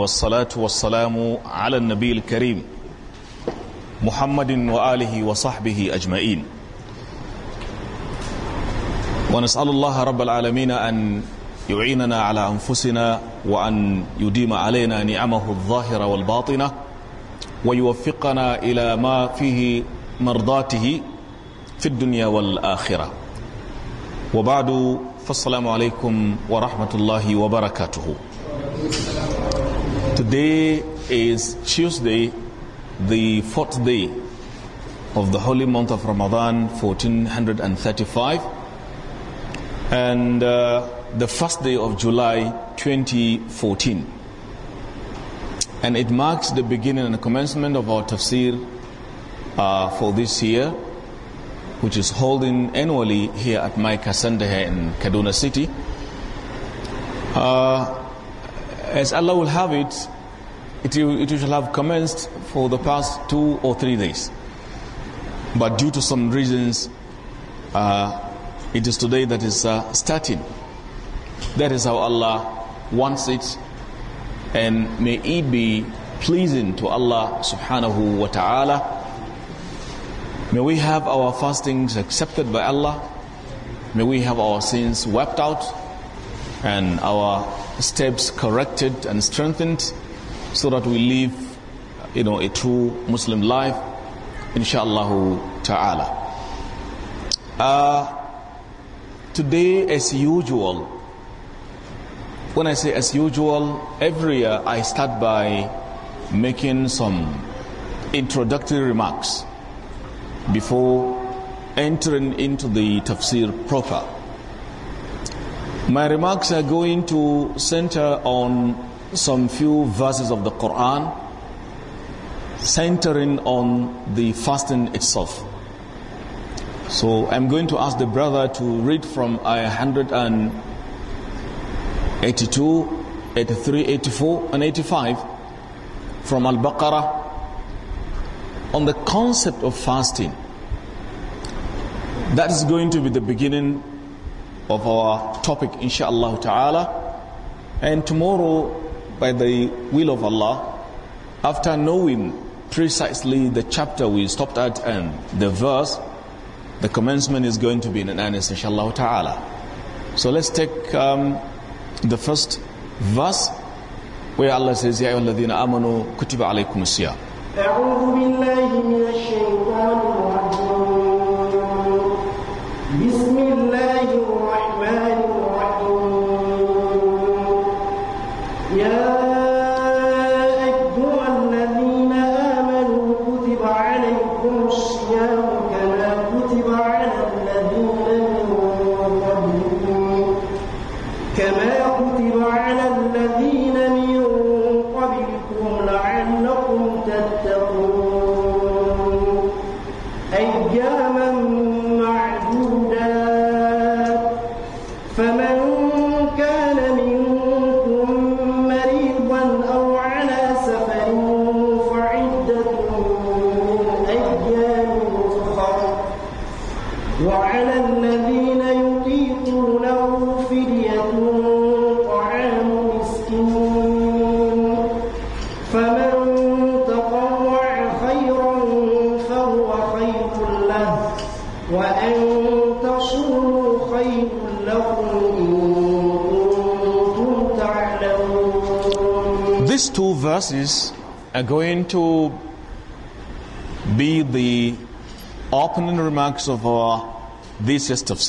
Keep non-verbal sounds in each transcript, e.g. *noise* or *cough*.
والصلاة والسلام على النبي الكريم محمد وآله وصحبه أجمعين ونسأل الله رب العالمين أن يعيننا على أنفسنا وأن يديم علينا نعمه الظاهرة والباطنة ويوفقنا إلى ما فيه مرضاته في الدنيا والآخرة وبعد فالسلام عليكم ورحمة الله وبركاته Today is Tuesday, the fourth day of the holy month of Ramadan, 1435, and uh, the first day of July 2014. And it marks the beginning and the commencement of our tafsir uh, for this year, which is holding annually here at my Center here in Kaduna City. Uh, as Allah will have it, it, it shall have commenced for the past two or three days. But due to some reasons, uh, it is today that is uh, starting. That is how Allah wants it. And may it be pleasing to Allah subhanahu wa ta'ala. May we have our fastings accepted by Allah. May we have our sins wiped out and our steps corrected and strengthened so that we live, you know, a true Muslim life, inshallah ta'ala. Uh, today, as usual, when I say as usual, every year I start by making some introductory remarks before entering into the tafsir proper. My remarks are going to center on some few verses of the Quran centering on the fasting itself. So I'm going to ask the brother to read from Ayah 182, 83, 84, and 85 from Al Baqarah on the concept of fasting. That is going to be the beginning of our topic, inshallah ta'ala. And tomorrow by the will of Allah, after knowing precisely the chapter we stopped at and the verse, the commencement is going to be in an anis, inshallah ta'ala. So let's take um, the first verse where Allah says, Ya ayyuhalladhina amanu kutiba alaykum أعوذ بالله من الشيطان الرجيم verses are going to be the opening remarks of our this year's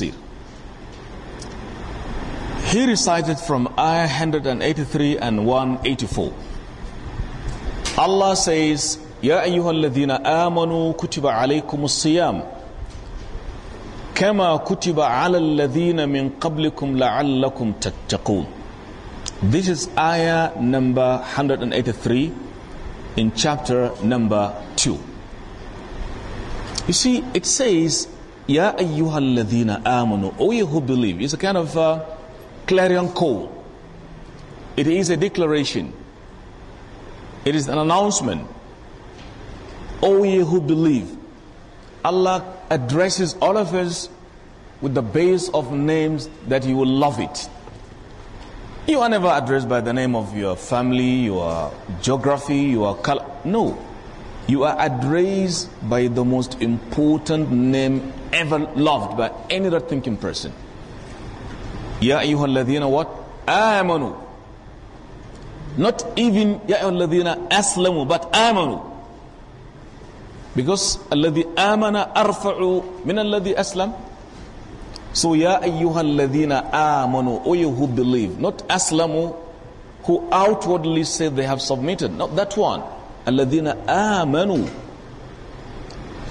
He recited from Ayah 183 and 184. Allah says, يا أيها الذين آمنوا كتب عليكم الصيام كما كتب على الذين من قبلكم لعلكم تتقون this is ayah number 183 in chapter number 2. You see, it says, Ya ayyuhalladhina amanu, O ye who believe. It's a kind of uh, clarion call. It is a declaration. It is an announcement. O ye who believe. Allah addresses all of us with the base of names that you will love it. *laughs* You are never addressed by the name of your family, your geography, your color. No. You are addressed by the most important name ever loved by any right thinking person. Ya ayyuhal what? Amanu. Not even Ya ayyuhal ladhina aslamu, but amanu. Because alladhi amana arfa'u min alladhi aslam. So, Ya ayyuhal ladhina amanu, O you who believe, not aslamu, who outwardly say they have submitted, not that one. Alladhina amanu.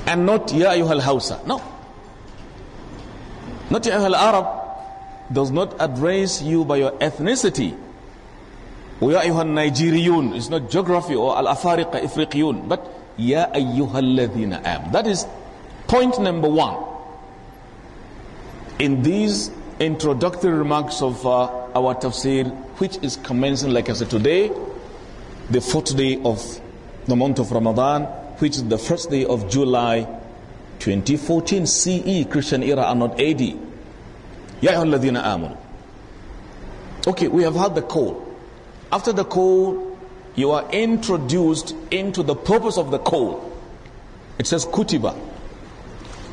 And not Ya ayyuhal hausa, no. Not Ya ayyuhal Arab does not address you by your ethnicity. ويا أيها النيجيريون It's not geography or al الأفارقة إفريقيون But يا أيها الذين آمنوا That is point number one in these introductory remarks of uh, our tafsir, which is commencing, like I said, today, the fourth day of the month of Ramadan, which is the first day of July 2014 CE, Christian era, and not AD. Okay, we have had the call. After the call, you are introduced into the purpose of the call. It says kutiba.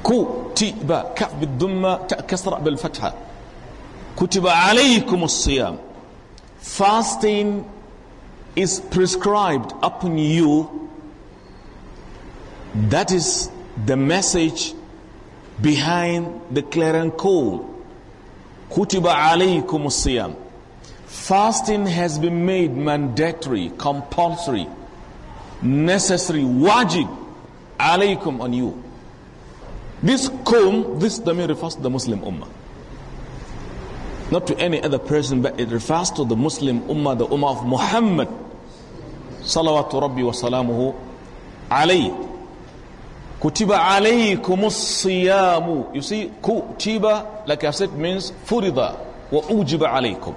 Ku كتب كف بالضمة كسر بالفتحة كتب عليكم الصيام fasting is prescribed upon you that is the message behind the clarion call كتب عليكم الصيام fasting has been made mandatory compulsory necessary wajib عليكم on you this comb, this dhamir refers to the Muslim ummah. Not to any other person, but it refers to the Muslim ummah, the ummah of Muhammad. Salawatu Rabbi wa salamuhu alayhi. Kutiba alaykumus siyamu. You see, kutiba, like I said, means furida wa ujiba alaykum.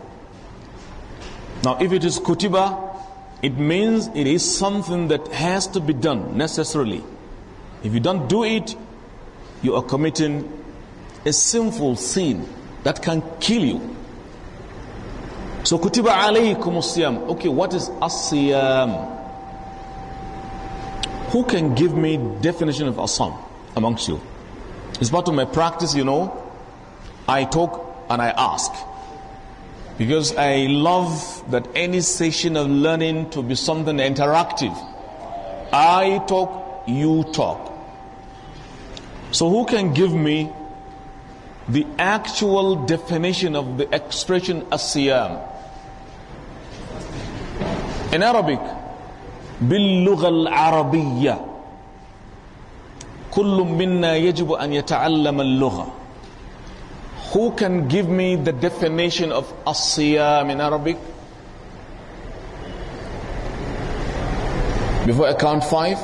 Now, if it is kutiba, it means it is something that has to be done necessarily. If you don't do it, you are committing a sinful sin that can kill you. So kutiba alaykum siyam. Okay, what is asiyam? Who can give me definition of asam amongst you? It's part of my practice, you know. I talk and I ask. Because I love that any session of learning to be something interactive. I talk, you talk. So, who can give me the actual definition of the expression asiyam? In Arabic, باللغة العربية كل منا يجب أن يتعلم اللغة Who can give me the definition of الصيام in Arabic? Before I count five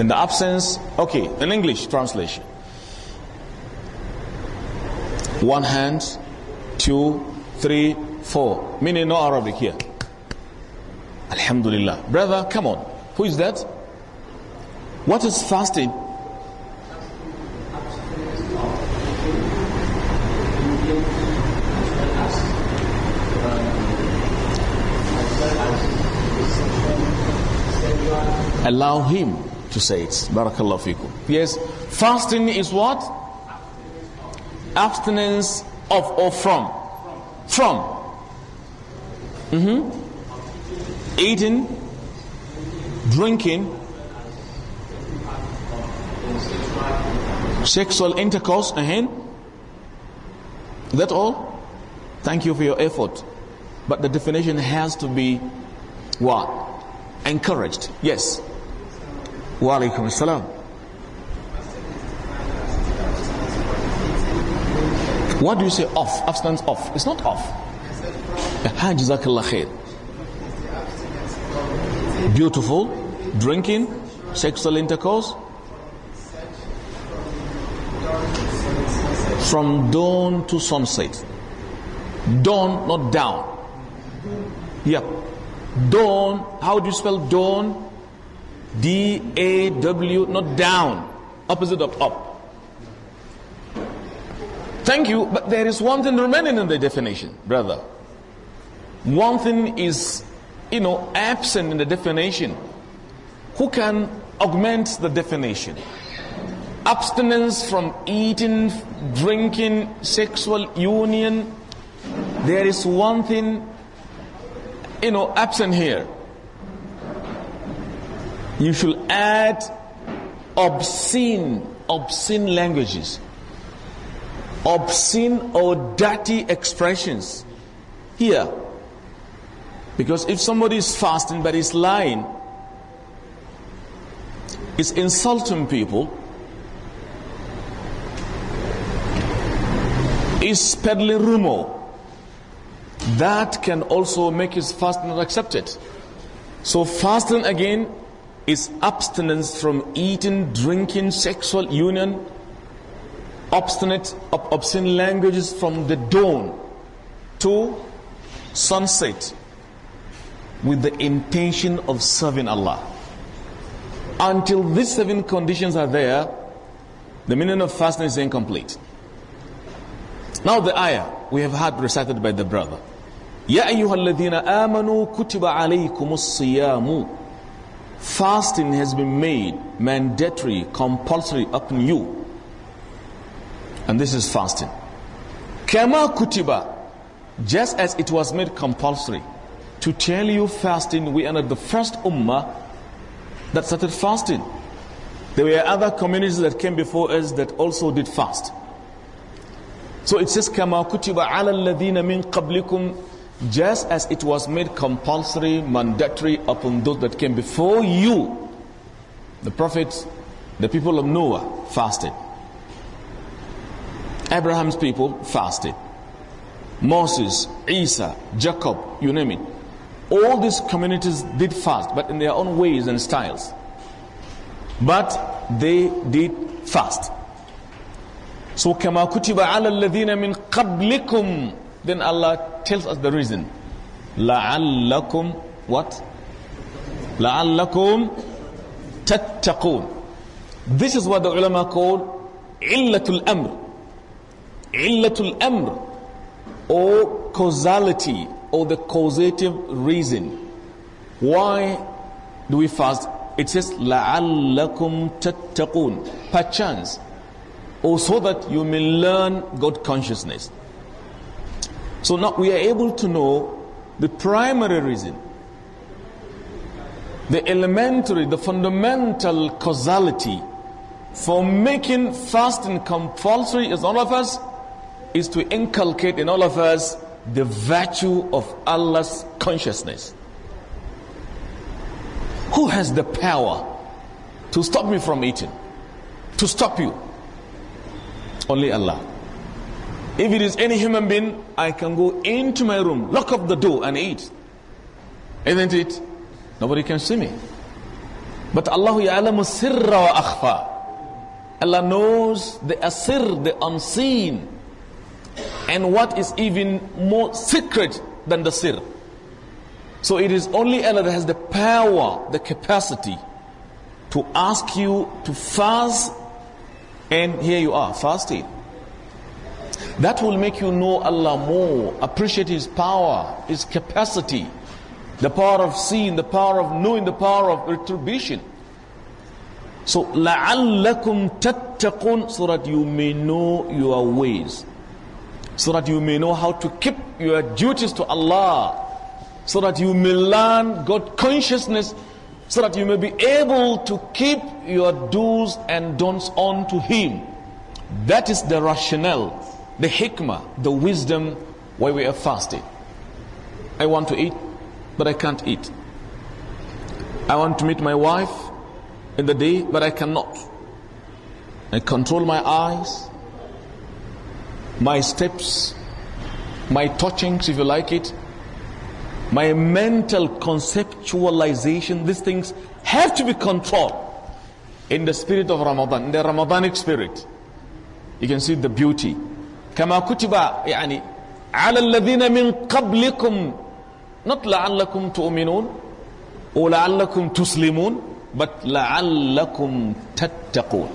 in the absence, okay, in English translation. One hand, two, three, four. Meaning no Arabic here. Alhamdulillah. Brother, come on. Who is that? What is fasting? Allow him to say it. Barakallahu fikum. Yes, fasting is what? Abstinence of or from. From. Mm-hmm. Eating, drinking, sexual intercourse, Again. Uh-huh. that all? Thank you for your effort. But the definition has to be what? Encouraged. Yes. وعليكم السلام What do you say off? Abstinence off. It's not off. Beautiful. Drinking. Sexual intercourse. From dawn to sunset. Dawn, not down. Yep. Dawn. How do you spell dawn? D A W, not down, opposite of up. Thank you, but there is one thing remaining in the definition, brother. One thing is, you know, absent in the definition. Who can augment the definition? Abstinence from eating, drinking, sexual union. There is one thing, you know, absent here you should add obscene, obscene languages, obscene or dirty expressions here. Because if somebody is fasting but is lying, is insulting people, is peddling rumor, that can also make his fasting not accepted. So fasting again is abstinence from eating, drinking, sexual union, obstinate, ob obscene languages from the dawn to sunset with the intention of serving Allah. Until these seven conditions are there, the meaning of fasting is incomplete. Now the ayah we have had recited by the brother. يَا أَيُّهَا الَّذِينَ آمَنُوا كُتِبَ عَلَيْكُمُ الصِّيَامُ fasting has been made mandatory, compulsory upon you. And this is fasting. Kama kutiba, just as it was made compulsory. To tell you fasting, we are not the first ummah that started fasting. There were other communities that came before us that also did fast. So it says, kama kutiba ala الذين من just as it was made compulsory, mandatory upon those that came before you. The prophets, the people of Noah fasted. Abraham's people fasted. Moses, Isa, Jacob, you name it. All these communities did fast, but in their own ways and styles. But they did fast. So, كما كتب على الذين من قبلكم then Allah tells us the reason. لَعَلَّكُمْ What? لَعَلَّكُمْ تَتَّقُونَ This is what the ulama call عِلَّةُ الْأَمْرِ عِلَّةُ الْأَمْرِ Or causality or the causative reason. Why do we fast? It says لَعَلَّكُمْ تَتَّقُونَ Perchance. Or so that you may learn God consciousness. So now we are able to know the primary reason, the elementary, the fundamental causality for making fasting compulsory in all of us is to inculcate in all of us the virtue of Allah's consciousness. Who has the power to stop me from eating? To stop you? Only Allah. If it is any human being, I can go into my room, lock up the door, and eat. Isn't it? Nobody can see me. But Allah wa akhfa. Allah knows the asir, the unseen, and what is even more secret than the sir. So it is only Allah that has the power, the capacity to ask you to fast, and here you are fasting. That will make you know Allah more, appreciate His power, His capacity, the power of seeing, the power of knowing, the power of retribution. So, لَعَلَّكُمْ تَتَّقُونَ So that you may know your ways. So that you may know how to keep your duties to Allah. So that you may learn God consciousness. So that you may be able to keep your do's and don'ts on to Him. That is the rationale the hikmah, the wisdom why we are fasting. I want to eat, but I can't eat. I want to meet my wife in the day, but I cannot. I control my eyes, my steps, my touchings, if you like it, my mental conceptualization. These things have to be controlled in the spirit of Ramadan, in the Ramadanic spirit. You can see the beauty كما كتب يعني على الذين من قبلكم نَطْلَعَ لعلكم تؤمنون وَلَعَلَّكُمْ لعلكم تسلمون but لعلكم تتقون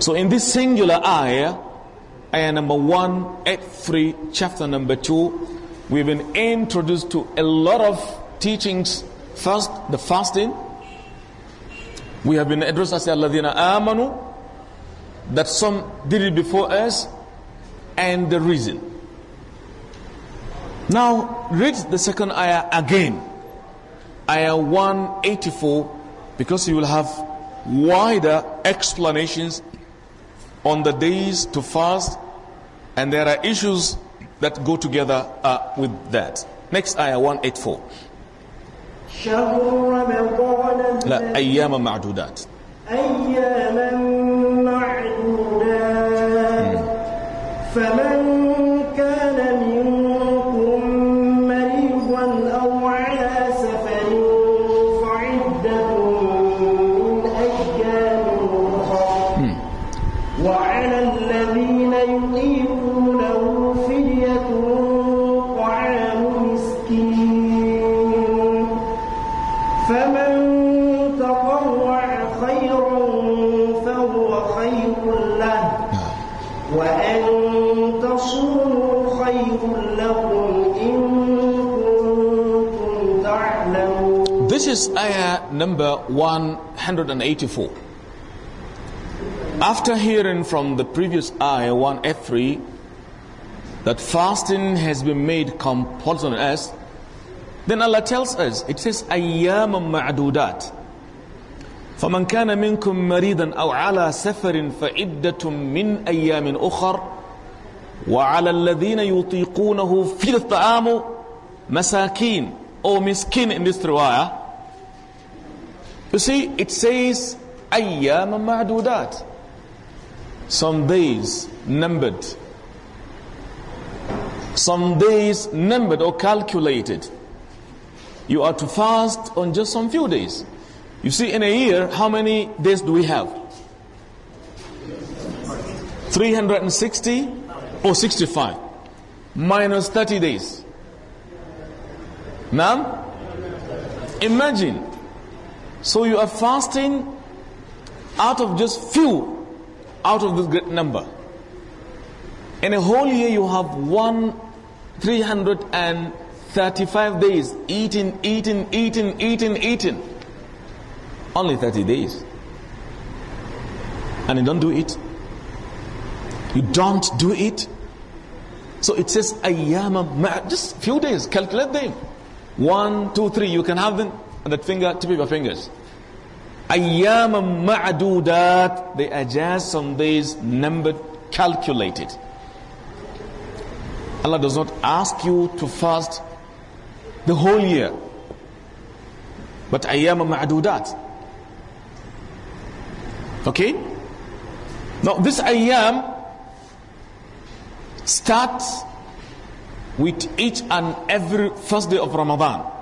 so in this singular ayah ayah number one eight three chapter number two we've been introduced to a lot of teachings first the fasting we have been addressed as الذين آمنوا that some did it before us and the reason. Now read the second ayah again, ayah 184, because you will have wider explanations on the days to fast, and there are issues that go together uh, with that. Next ayah 184. لا أيام معدودات فلا This is ayah number 184. After hearing from the previous ayah 183 that fasting has been made compulsory on us, then Allah tells us, it says, أَيَّامًا مَعْدُودَاتٍ فمن كان منكم مريضا أو على سفر فعدة من أيام أخر وعلى الذين يطيقونه في الطعام مساكين أو مسكين in this riwayah you see, it says, أَيَّامًا مَعْدُودَاتٍ Some days numbered. Some days numbered or calculated. You are to fast on just some few days. You see, in a year, how many days do we have? 360 or 65 minus 30 days. Now, imagine so you are fasting out of just few out of this great number. In a whole year, you have one 335 days eating, eating, eating, eating, eating. Only 30 days. And you don't do it. You don't do it. So it says, Ayyama, just few days, calculate them. One, two, three, you can have them and that finger, tip of your fingers. Ayam ma'adudat they are just some days numbered, calculated. Allah does not ask you to fast the whole year, but ayam ma'adudat. Okay? Now this ayyam starts with each and every first day of Ramadan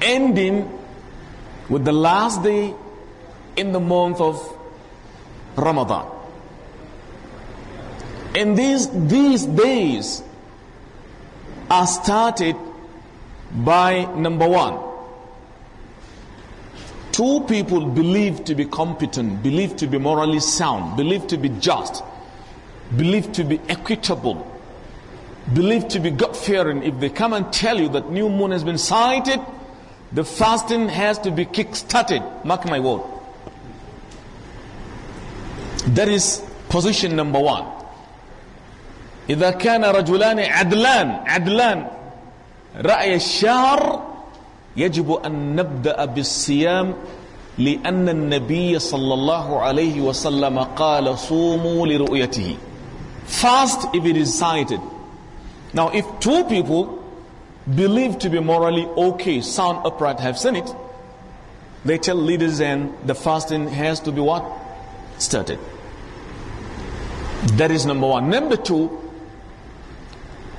ending with the last day in the month of Ramadan. And these, these days are started by number one. Two people believed to be competent, believed to be morally sound, believed to be just, believed to be equitable, believed to be God fearing. If they come and tell you that new moon has been sighted, The fasting has to be kick started. Mark my word. That is position number one. إذا كان رجلان عدلان عدلان رأي الشهر يجب أن نبدأ بالصيام لأن النبي صلى الله عليه وسلم قال صوموا لرؤيته fast if it is cited now if two people believed to be morally okay, sound, upright have seen it, they tell leaders then the fasting has to be what? Started. That is number one. Number two,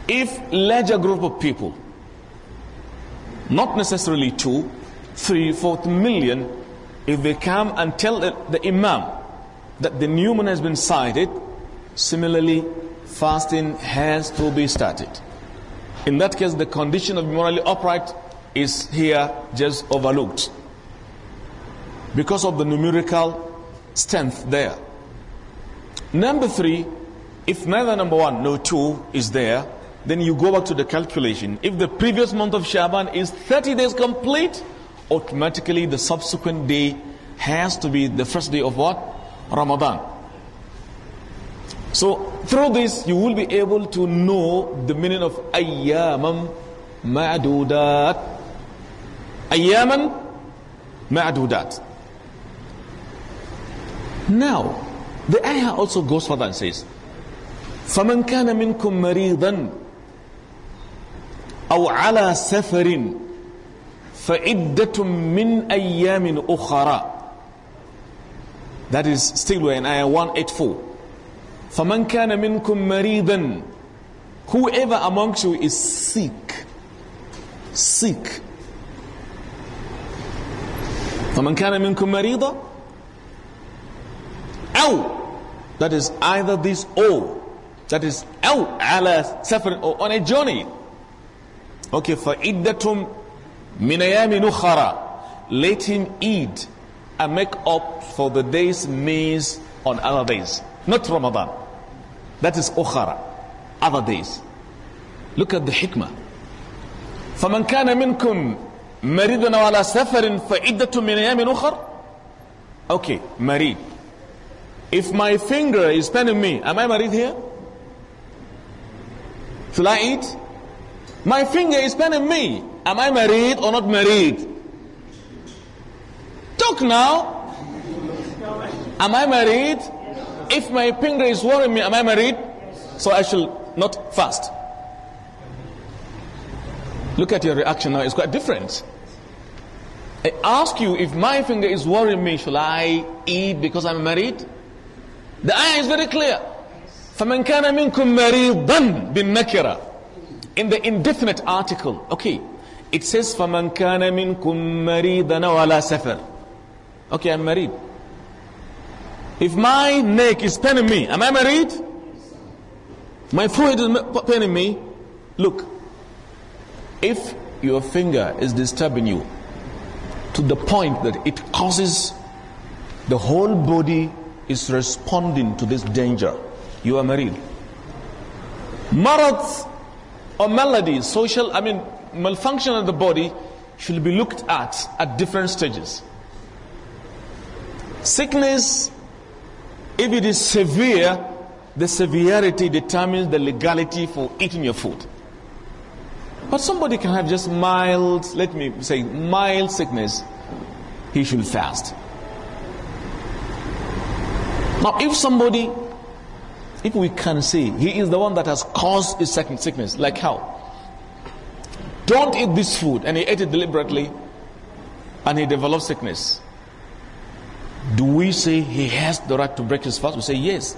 if larger group of people, not necessarily two, three, four million, if they come and tell the, the imam that the new moon has been sighted, similarly, fasting has to be started. In that case, the condition of morally upright is here just overlooked because of the numerical strength there. Number three, if neither number one nor two is there, then you go back to the calculation. If the previous month of Shaban is 30 days complete, automatically the subsequent day has to be the first day of what? Ramadan. So through this, you will be able to know the meaning of ayyamam ma'dudat. Ayyaman ma'dudat. Now, the ayah also goes further and says, فَمَنْ كَانَ مِنْكُمْ مَرِيضًا أَوْ عَلَى سَفَرٍ فَعِدَّةٌ مِّنْ أَيَّامٍ أُخَرَى That is still in ayah 184. فَمَنْ كَانَ مِنْكُمْ مَرِيضًا Whoever amongst you is sick, sick. فَمَنْ كَانَ مِنْكُمْ مَرِيضًا أَوْ That is either this or that is أو على سفر or on a journey. Okay, فَإِدَّةٌ مِنْ أَيَامِ أخرى Let him eat and make up for the day's meals on other days. Not Ramadan. That is ukhara, other days. Look at the hikmah. فَمَنْ كَانَ مِنْكُمْ مَرِضًا ولا سَفَرٍ فَعِدَّةٌ مِنْ أَيَامٍ أُخَرٍ Okay, married. If my finger is paining me, am I married here? Shall I eat? My finger is paining me. Am I married or not married? Talk now. Am I married if my finger is worrying me, am I married? So I shall not fast. Look at your reaction now, it's quite different. I ask you, if my finger is worrying me, shall I eat because I'm married? The ayah is very clear. فَمَنْ كَانَ مِنْكُمْ مَرِيضًا بِالنَّكِرَةِ In the indefinite article, okay, it says فَمَنْ كَانَ مِنْكُمْ مَرِيضًا وَلَا سَفَرٍ Okay, I'm married. If my neck is paining me, am I married? My forehead is paining me. Look, if your finger is disturbing you to the point that it causes the whole body is responding to this danger, you are married. Marath or malady, social, I mean, malfunction of the body should be looked at at different stages. Sickness if it is severe, the severity determines the legality for eating your food. But somebody can have just mild, let me say, mild sickness, he should fast. Now, if somebody, if we can say he is the one that has caused his sickness, like how? Don't eat this food, and he ate it deliberately, and he developed sickness. Do we say he has the right to break his fast? We say yes.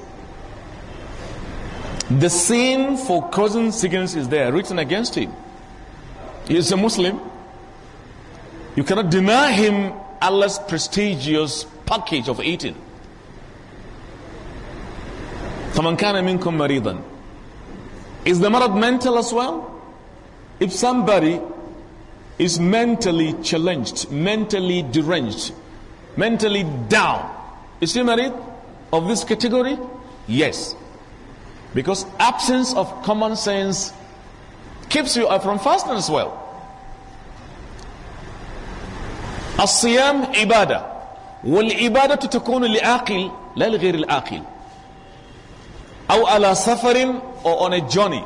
The sin for causing sickness is there, written against him. He is a Muslim. You cannot deny him Allah's prestigious package of eating. مِنْكُمْ مَرِيضًا Is the marad mental as well? If somebody is mentally challenged, mentally deranged, mentally down. Is she married of this category? Yes. Because absence of common sense keeps you from fasting as well. الصيام عبادة والعبادة تكون لعاقل لا لغير العاقل أو على سفر or on a journey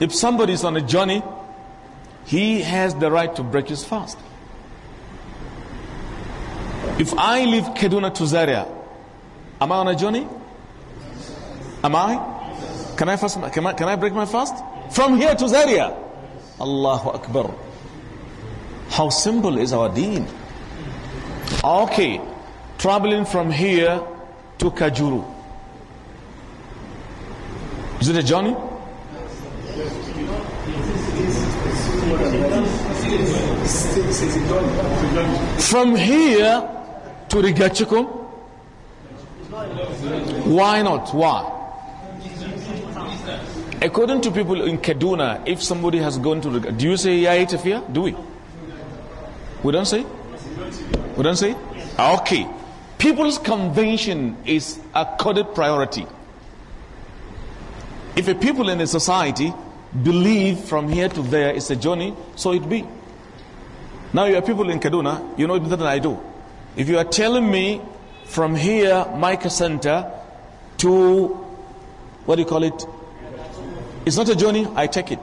if somebody is on a journey he has the right to break his fast if I leave Kaduna to Zaria, am I on a journey? Am I? Can I fast? Can I, can I break my fast? From here to Zaria. Allahu Akbar. How simple is our deen? Okay, traveling from here to Kajuru. Is it a journey? From here to the Why not? Why? According to people in Kaduna, if somebody has gone to the... Do you say Yai Tafia? Do we? We don't say? We don't say? Ah, okay. People's convention is a coded priority. If a people in a society believe from here to there is a journey, so it be. Now you are people in Kaduna, you know better than I do. If you are telling me from here, Micah Center, to what do you call it? It's not a journey, I take it.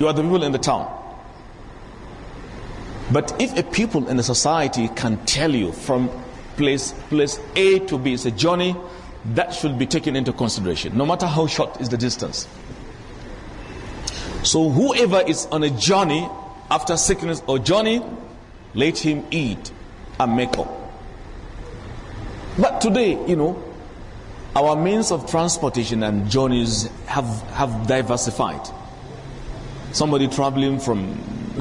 You are the people in the town. But if a people in a society can tell you from place place A to B it's a journey, that should be taken into consideration, no matter how short is the distance. So whoever is on a journey after sickness or journey, let him eat and makeup. But today, you know, our means of transportation and journeys have, have diversified. Somebody traveling from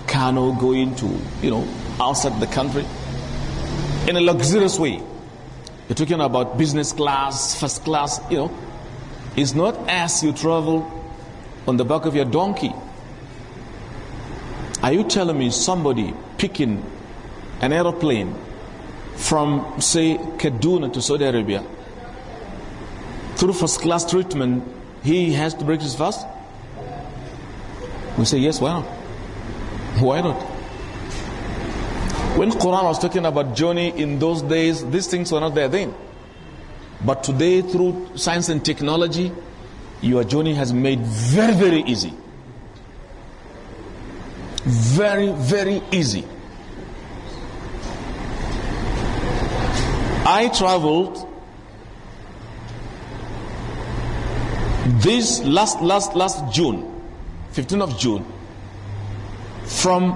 Kano going to, you know, outside the country in a luxurious way. You're talking about business class, first class, you know. It's not as you travel on the back of your donkey. Are you telling me somebody picking an aeroplane from, say, Kaduna to Saudi Arabia, through first class treatment, he has to break his fast? We say, yes, why not? Why not? When Quran was talking about journey in those days, these things were not there then. But today, through science and technology, your journey has made very, very easy. Very, very easy. I traveled this last last last June, 15th of June, from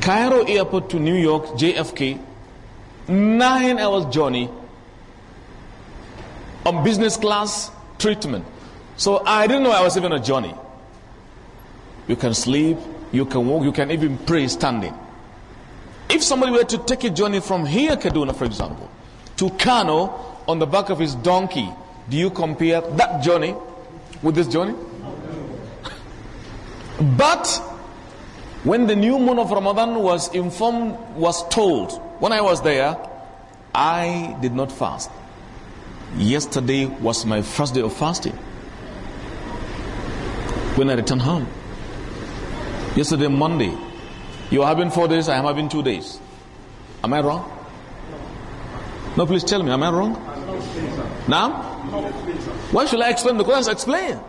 Cairo Airport to New York, JFK, nine hours journey on business class treatment. So I didn't know I was even a journey. You can sleep, you can walk, you can even pray standing. If somebody were to take a journey from here, Kaduna, for example, to Kano on the back of his donkey, do you compare that journey with this journey? *laughs* but when the new moon of Ramadan was informed, was told, when I was there, I did not fast. Yesterday was my first day of fasting. When I returned home, yesterday, Monday, you are having four days, I am having two days. Am I wrong? No, please tell me, am I wrong? Now? Why should I explain? The Quran explain.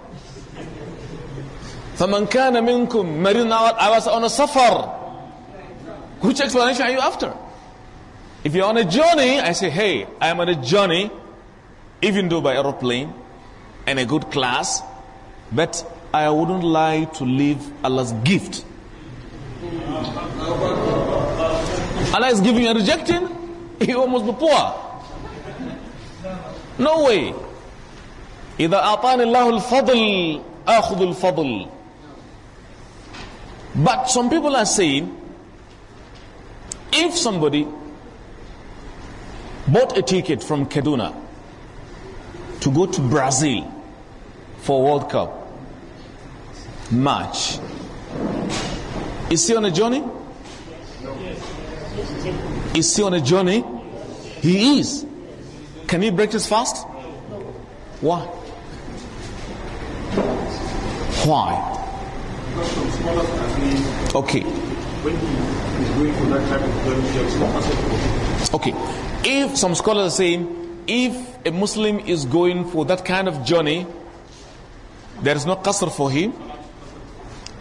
فَمَنْ كَانَ مِنْكُمْ مَرِضًا I was on a safar. Which explanation are you after? If you're on a journey, I say, hey, I am on a journey, even though by aeroplane and a good class, but I wouldn't like to leave Allah's gift Allah is giving you and rejecting, *laughs* you almost be poor. No way. إذا أعطاني الله الفضل أخذ الفضل But some people are saying, if somebody bought a ticket from Kaduna to go to Brazil for World Cup match, is he on a journey? Is he on a journey? He is. Can he break his fast? Why? Why? Okay. Okay. If some scholars are saying if a Muslim is going for that kind of journey, there is no qasr for him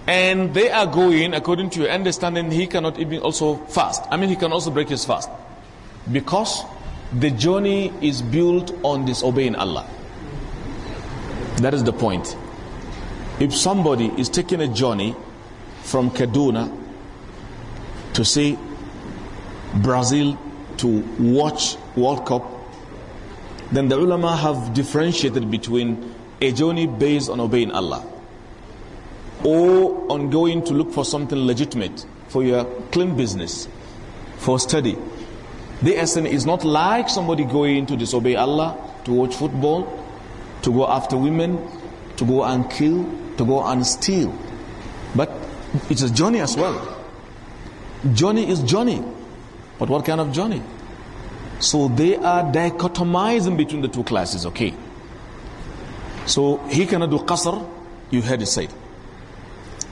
and they are going according to your understanding he cannot even also fast i mean he can also break his fast because the journey is built on disobeying allah that is the point if somebody is taking a journey from kaduna to say brazil to watch world cup then the ulama have differentiated between a journey based on obeying allah or on going to look for something legitimate for your clean business, for study. The essence is not like somebody going to disobey Allah, to watch football, to go after women, to go and kill, to go and steal. But it's a journey as well. Journey is journey. But what kind of journey? So they are dichotomizing between the two classes, okay? So he cannot do qasr, you heard it said.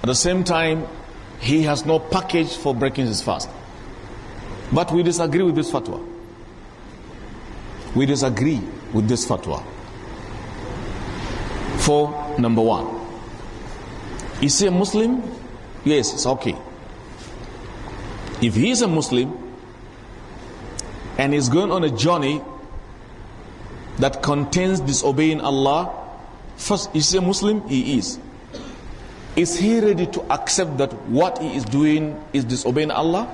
At the same time, he has no package for breaking his fast. But we disagree with this fatwa. We disagree with this fatwa. For number one, is he a Muslim? Yes, it's okay. If he is a Muslim and is going on a journey that contains disobeying Allah, first, is he a Muslim? He is. Is he ready to accept that what he is doing is disobeying Allah?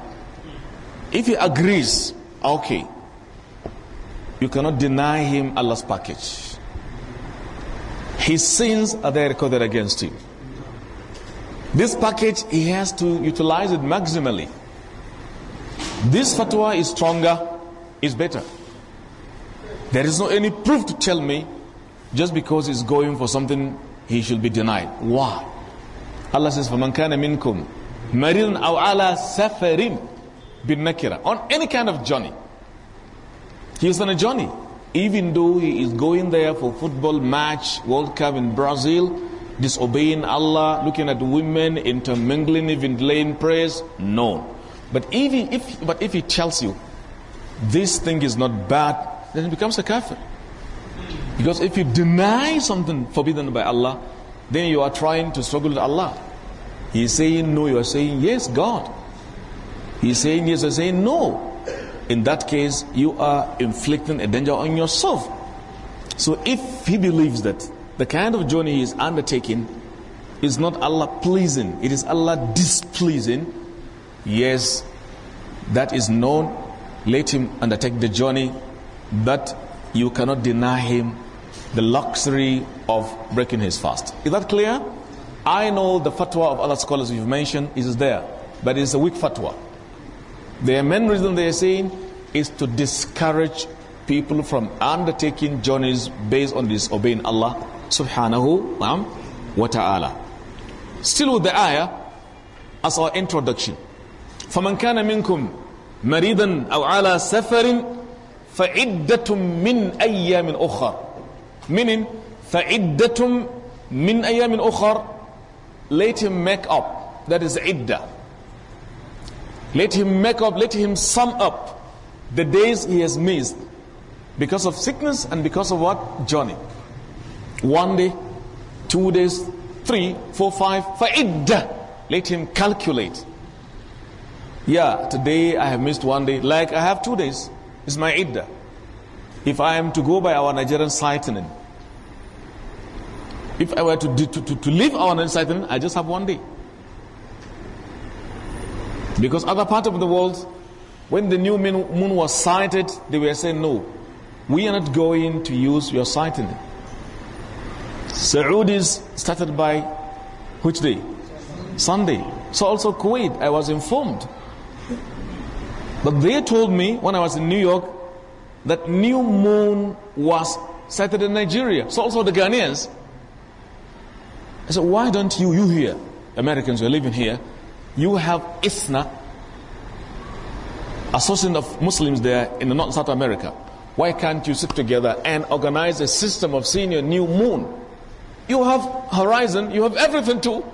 If he agrees, okay, you cannot deny him Allah's package. His sins are there recorded against him. This package, he has to utilize it maximally. This fatwa is stronger, is better. There is no any proof to tell me just because he's going for something he should be denied. Why? Allah says, "For فَمَنْ minkum مِنْكُمْ مَرِضٌ ala safarin bin nakira." On any kind of journey. He is on a journey. Even though he is going there for football match, World Cup in Brazil, disobeying Allah, looking at women, intermingling, even laying prayers, no. But even if, but if he tells you, this thing is not bad, then it becomes a kafir. Because if you deny something forbidden by Allah, then you are trying to struggle with Allah. He is saying no, you are saying yes, God. He is saying yes, you are saying no. In that case, you are inflicting a danger on yourself. So if he believes that the kind of journey he is undertaking is not Allah pleasing, it is Allah displeasing, yes, that is known. Let him undertake the journey, but you cannot deny him the luxury of breaking his fast. Is that clear? I know the fatwa of other scholars you've mentioned is there, but it's a weak fatwa. The main reason they are saying is to discourage people from undertaking journeys based on disobeying Allah subhanahu wa ta'ala. Still with the ayah as our introduction. فَمَنْ كَانَ مِنْكُمْ مَرِيدًا أَوْ عَلَى سَفَرٍ فَعِدَّةٌ مِّنْ أَيَّامٍ أُخَرٍ Meaning, min مِنْ أَيَّامٍ ukhar Let him make up. That is idda Let him make up, let him sum up the days he has missed because of sickness and because of what? Journey. One day, two days, three, four, five, فَعِدَّةٌ Let him calculate. Yeah, today I have missed one day. Like I have two days. It's my idda if I am to go by our Nigerian sightening, if I were to, to, to, to leave our Nigerian sightening, I just have one day. Because other part of the world, when the new moon was sighted, they were saying, no, we are not going to use your sighting. Saudis started by which day? Sunday. So also Kuwait, I was informed. But they told me when I was in New York, that new moon was sighted in Nigeria. So also the Ghanaians. I said, why don't you, you here, Americans who are living here, you have ISNA, Association of Muslims there in the North South America. Why can't you sit together and organize a system of seeing your new moon? You have horizon, you have everything too.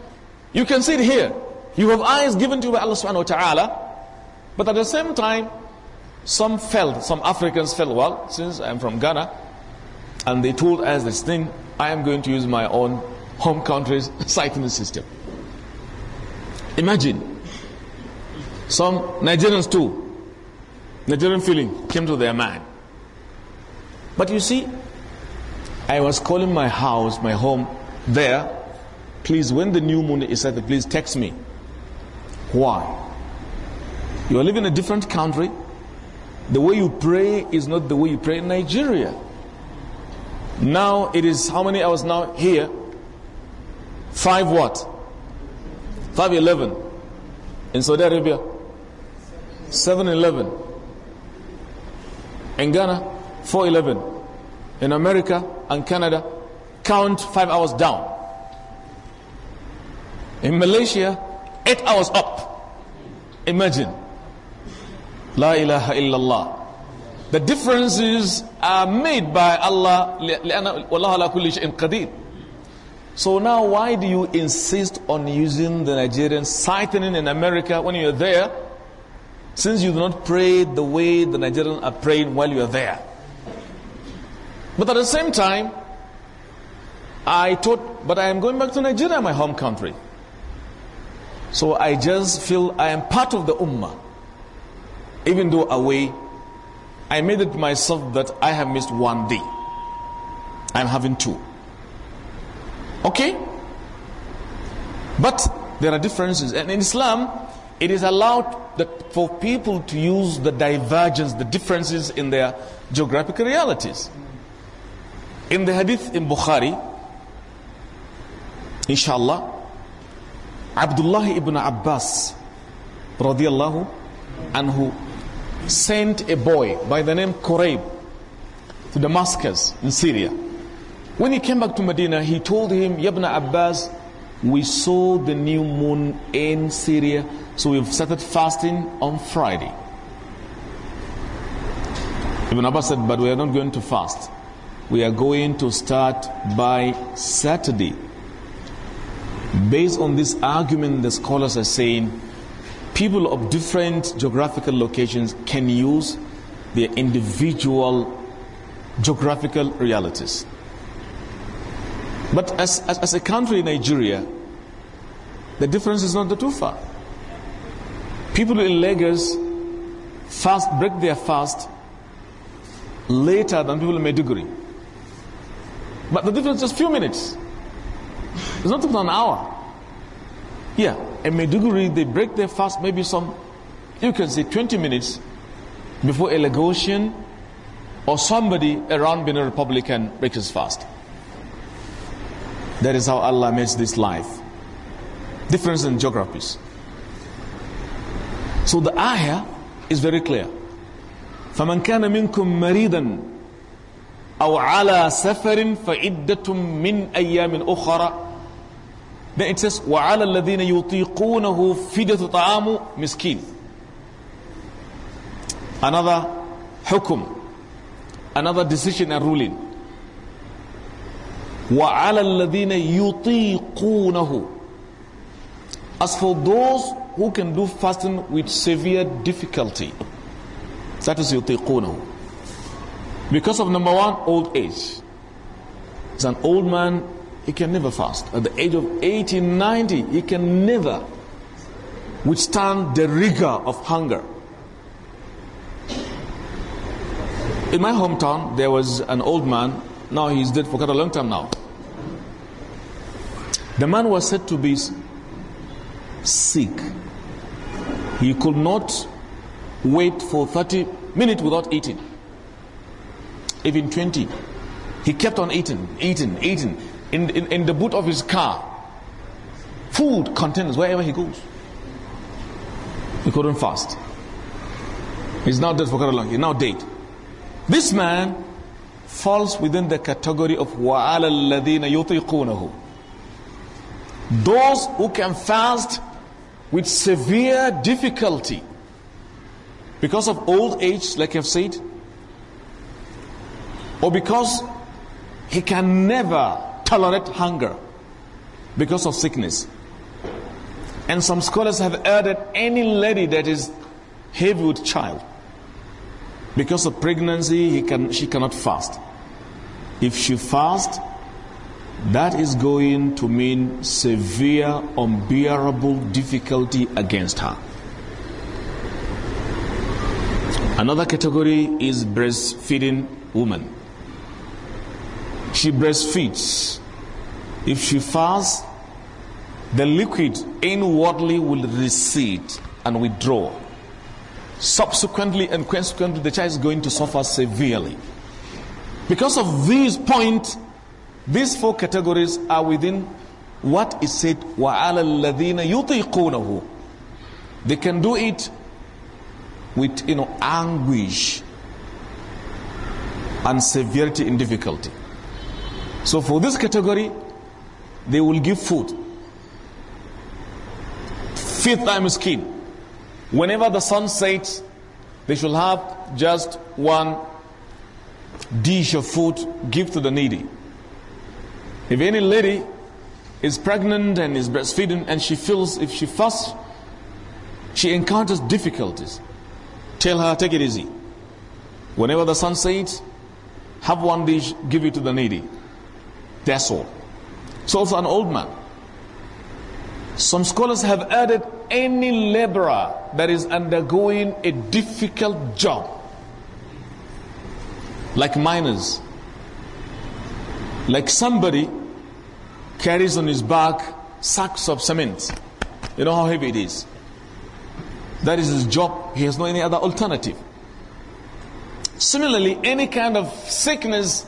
You can see it here. You have eyes given to you by Allah subhanahu wa ta'ala. But at the same time, some felt, some Africans felt, well, since I'm from Ghana, and they told us this thing, I am going to use my own home country's *laughs* citing system. Imagine. Some Nigerians too. Nigerian feeling came to their mind. But you see, I was calling my house, my home, there. Please, when the new moon is set, please text me. Why? You are living in a different country, the way you pray is not the way you pray in Nigeria. Now it is how many hours now here? Five what? Five eleven. In Saudi Arabia? Seven eleven. In Ghana? Four eleven. In America and Canada? Count five hours down. In Malaysia? Eight hours up. Imagine. La ilaha illallah. The differences are made by Allah. So now why do you insist on using the Nigerian sighting in America when you're there? Since you do not pray the way the Nigerians are praying while you're there. But at the same time, I thought, but I am going back to Nigeria, my home country. So I just feel I am part of the Ummah even though away, I made it myself that I have missed one day. I'm having two. Okay? But there are differences. And in Islam, it is allowed that for people to use the divergence, the differences in their geographical realities. In the hadith in Bukhari, inshallah, Abdullah ibn Abbas, radiallahu anhu, sent a boy by the name Koreb to Damascus in Syria. When he came back to Medina, he told him, Yabna Abbas, we saw the new moon in Syria, so we've started fasting on Friday. Ibn Abbas said, But we are not going to fast. We are going to start by Saturday. Based on this argument, the scholars are saying people of different geographical locations can use their individual geographical realities. But as, as, as, a country, Nigeria, the difference is not too far. People in Lagos fast break their fast later than people in Maiduguri. But the difference is just few minutes. It's not even an hour. Yeah, in Maiduguri, they break their fast maybe some, you can say 20 minutes before a Lagosian or somebody around being a Republican breaks his fast. That is how Allah makes this life. Difference in geographies. So the ayah is very clear. فَمَنْ كَانَ مِنْكُمْ مَرِيدًا أَوْ عَلَى سَفَرٍ فَإِدَّةٌ مِّنْ أَيَّامٍ أُخَرَةٍ Then it says, وَعَلَى الَّذِينَ يُطِيقُونَهُ فِدَةُ طَعَامُ مِسْكِينَ Another hukum, another decision and ruling. وَعَلَى الَّذِينَ يُطِيقُونَهُ As for those who can do fasting with severe difficulty, that is يُطِيقُونَهُ Because of number one, old age. As an old man He can never fast. At the age of 80, 90, he can never withstand the rigor of hunger. In my hometown, there was an old man. Now he's dead for quite a long time now. The man was said to be sick. He could not wait for 30 minutes without eating. Even 20. He kept on eating, eating, eating in, in, in the boot of his car. Food containers wherever he goes. He couldn't fast. He's now dead for quite a long. He's now dead. This man falls within the category of وَعَلَى الَّذِينَ Those who can fast with severe difficulty because of old age, like I've said, or because he can never tolerate hunger because of sickness. And some scholars have added any lady that is heavy with child, because of pregnancy, can, she cannot fast. If she fasts, that is going to mean severe, unbearable difficulty against her. Another category is breastfeeding woman. She breastfeeds if she fasts, the liquid inwardly will recede and withdraw. Subsequently and consequently, the child is going to suffer severely. Because of these points, these four categories are within what is said, وَعَلَى الَّذِينَ يُطِيقُونَهُ They can do it with you know, anguish and severity in difficulty. So for this category, they will give food. Feed thy skin. Whenever the sun sets, they shall have just one dish of food give to the needy. If any lady is pregnant and is breastfeeding and she feels if she fasts, she encounters difficulties. Tell her, take it easy. Whenever the sun sets, have one dish, give it to the needy. That's all. It's also an old man. Some scholars have added any laborer that is undergoing a difficult job, like miners, like somebody carries on his back sacks of cement. You know how heavy it is. That is his job. He has no any other alternative. Similarly, any kind of sickness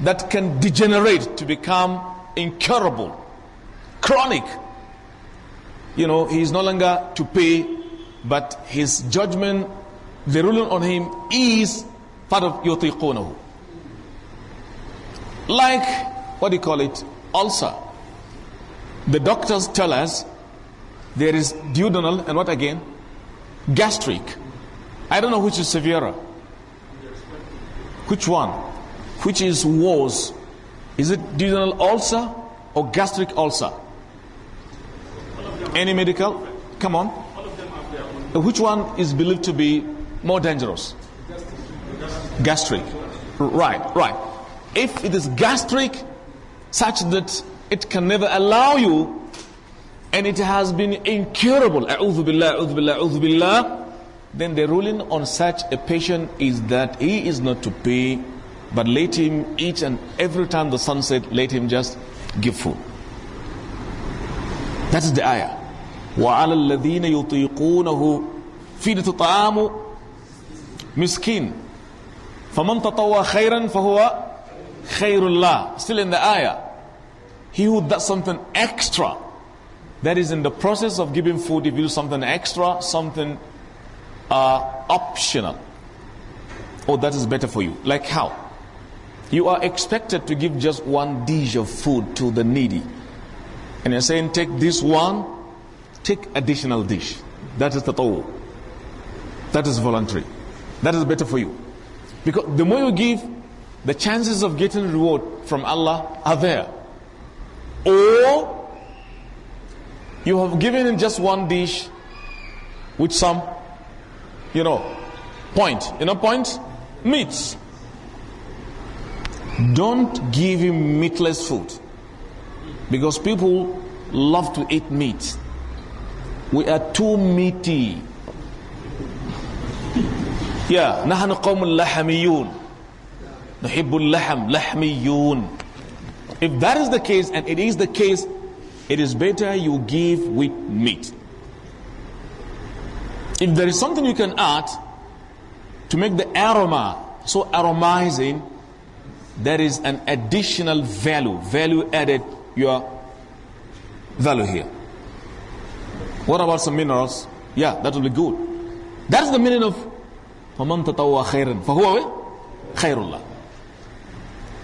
that can degenerate to become incurable, chronic. You know, he is no longer to pay, but his judgment, the ruling on him is part of yutiqunahu. Like, what do you call it? Ulcer. The doctors tell us there is duodenal and what again? Gastric. I don't know which is severer. Which one? Which is worse? Is it duodenal ulcer or gastric ulcer? Any medical? Come on. Uh, which one is believed to be more dangerous? Gastric. Right, right. If it is gastric, such that it can never allow you, and it has been incurable, then the ruling on such a patient is that he is not to pay but let him each and every time the sun set, let him just give food. That is the ayah. وَعَلَى الَّذِينَ يُطِيقُونَهُ فِيدَةُ طَعَامُ مِسْكِينَ فَمَنْ تَطَوَّى خَيْرًا فَهُوَ خَيْرُ اللَّهِ Still in the ayah. He who does something extra, that is in the process of giving food, if you do something extra, something uh, optional. Oh, that is better for you. Like how? You are expected to give just one dish of food to the needy. And you're saying, take this one, take additional dish. That is tatawu. That is voluntary. That is better for you. Because the more you give, the chances of getting reward from Allah are there. Or you have given him just one dish with some, you know, point. You know, point? Meats. Don't give him meatless food because people love to eat meat. We are too meaty. Yeah, نحن قوم لحميون. نحب اللحم لحميون. If that is the case, and it is the case, it is better you give with meat. If there is something you can add to make the aroma so aromizing, there is an additional value, value added your value here. What about some minerals? Yeah, that will be good. That's the meaning of فَمَنْ تَطَوَّى خَيْرًا فَهُوَ خَيْرُ اللَّهِ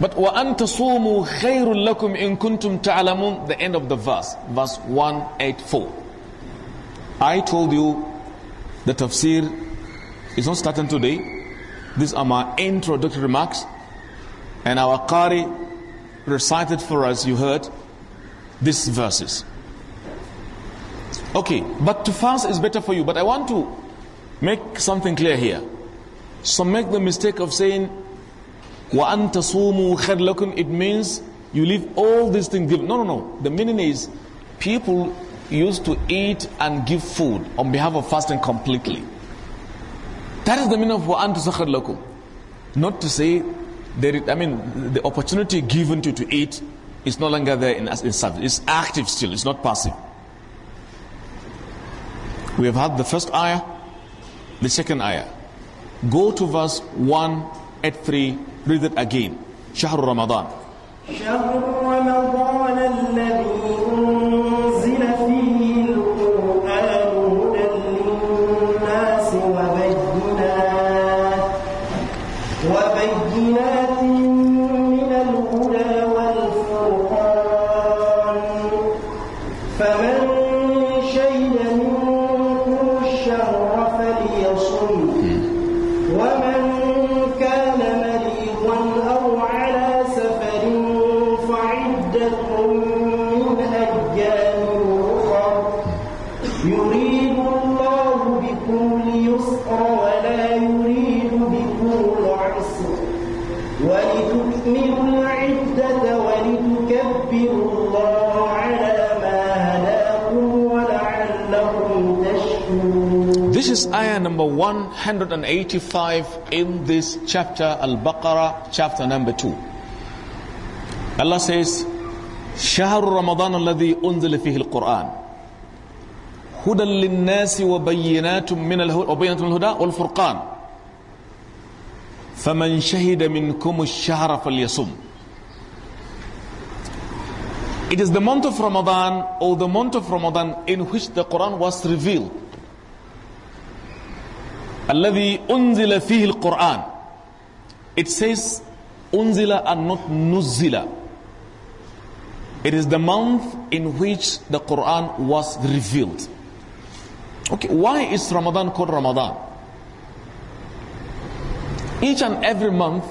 But وَأَنْ تَصُومُوا خَيْرٌ لَكُمْ إِن كُنْتُمْ تَعْلَمُونَ The end of the verse, verse 184. I told you the tafsir is not starting today. These are my introductory remarks. And our Qari recited for us, you heard, these verses. Okay, but to fast is better for you. But I want to make something clear here. So make the mistake of saying, وَأَن تَصُومُوا خَيْرْ لَكُمْ It means you leave all these things given. No, no, no. The meaning is people used to eat and give food on behalf of fasting completely. That is the meaning of "wa تُسَخَرْ لَكُمْ Not to say I mean, the opportunity given to, you to eat is no longer there in, in service. It's active still, it's not passive. We have had the first ayah, the second ayah. Go to verse 1 at 3, read it again. شهر Ramadan. شهر رمضان is ayah number 185 in this chapter, Al Baqarah, chapter number 2. Allah says, شهر رمضان الذي أنزل فيه القرآن هدى للناس وبينات من الهدى وبينات من الهدى والفرقان فمن شهد منكم الشهر فليصم It is the month of Ramadan or the month of Ramadan in which the Quran was revealed Alladhi unzila fihi al It says unzila and not nuzila. It is the month in which the Quran was revealed. Okay, why is Ramadan called Ramadan? Each and every month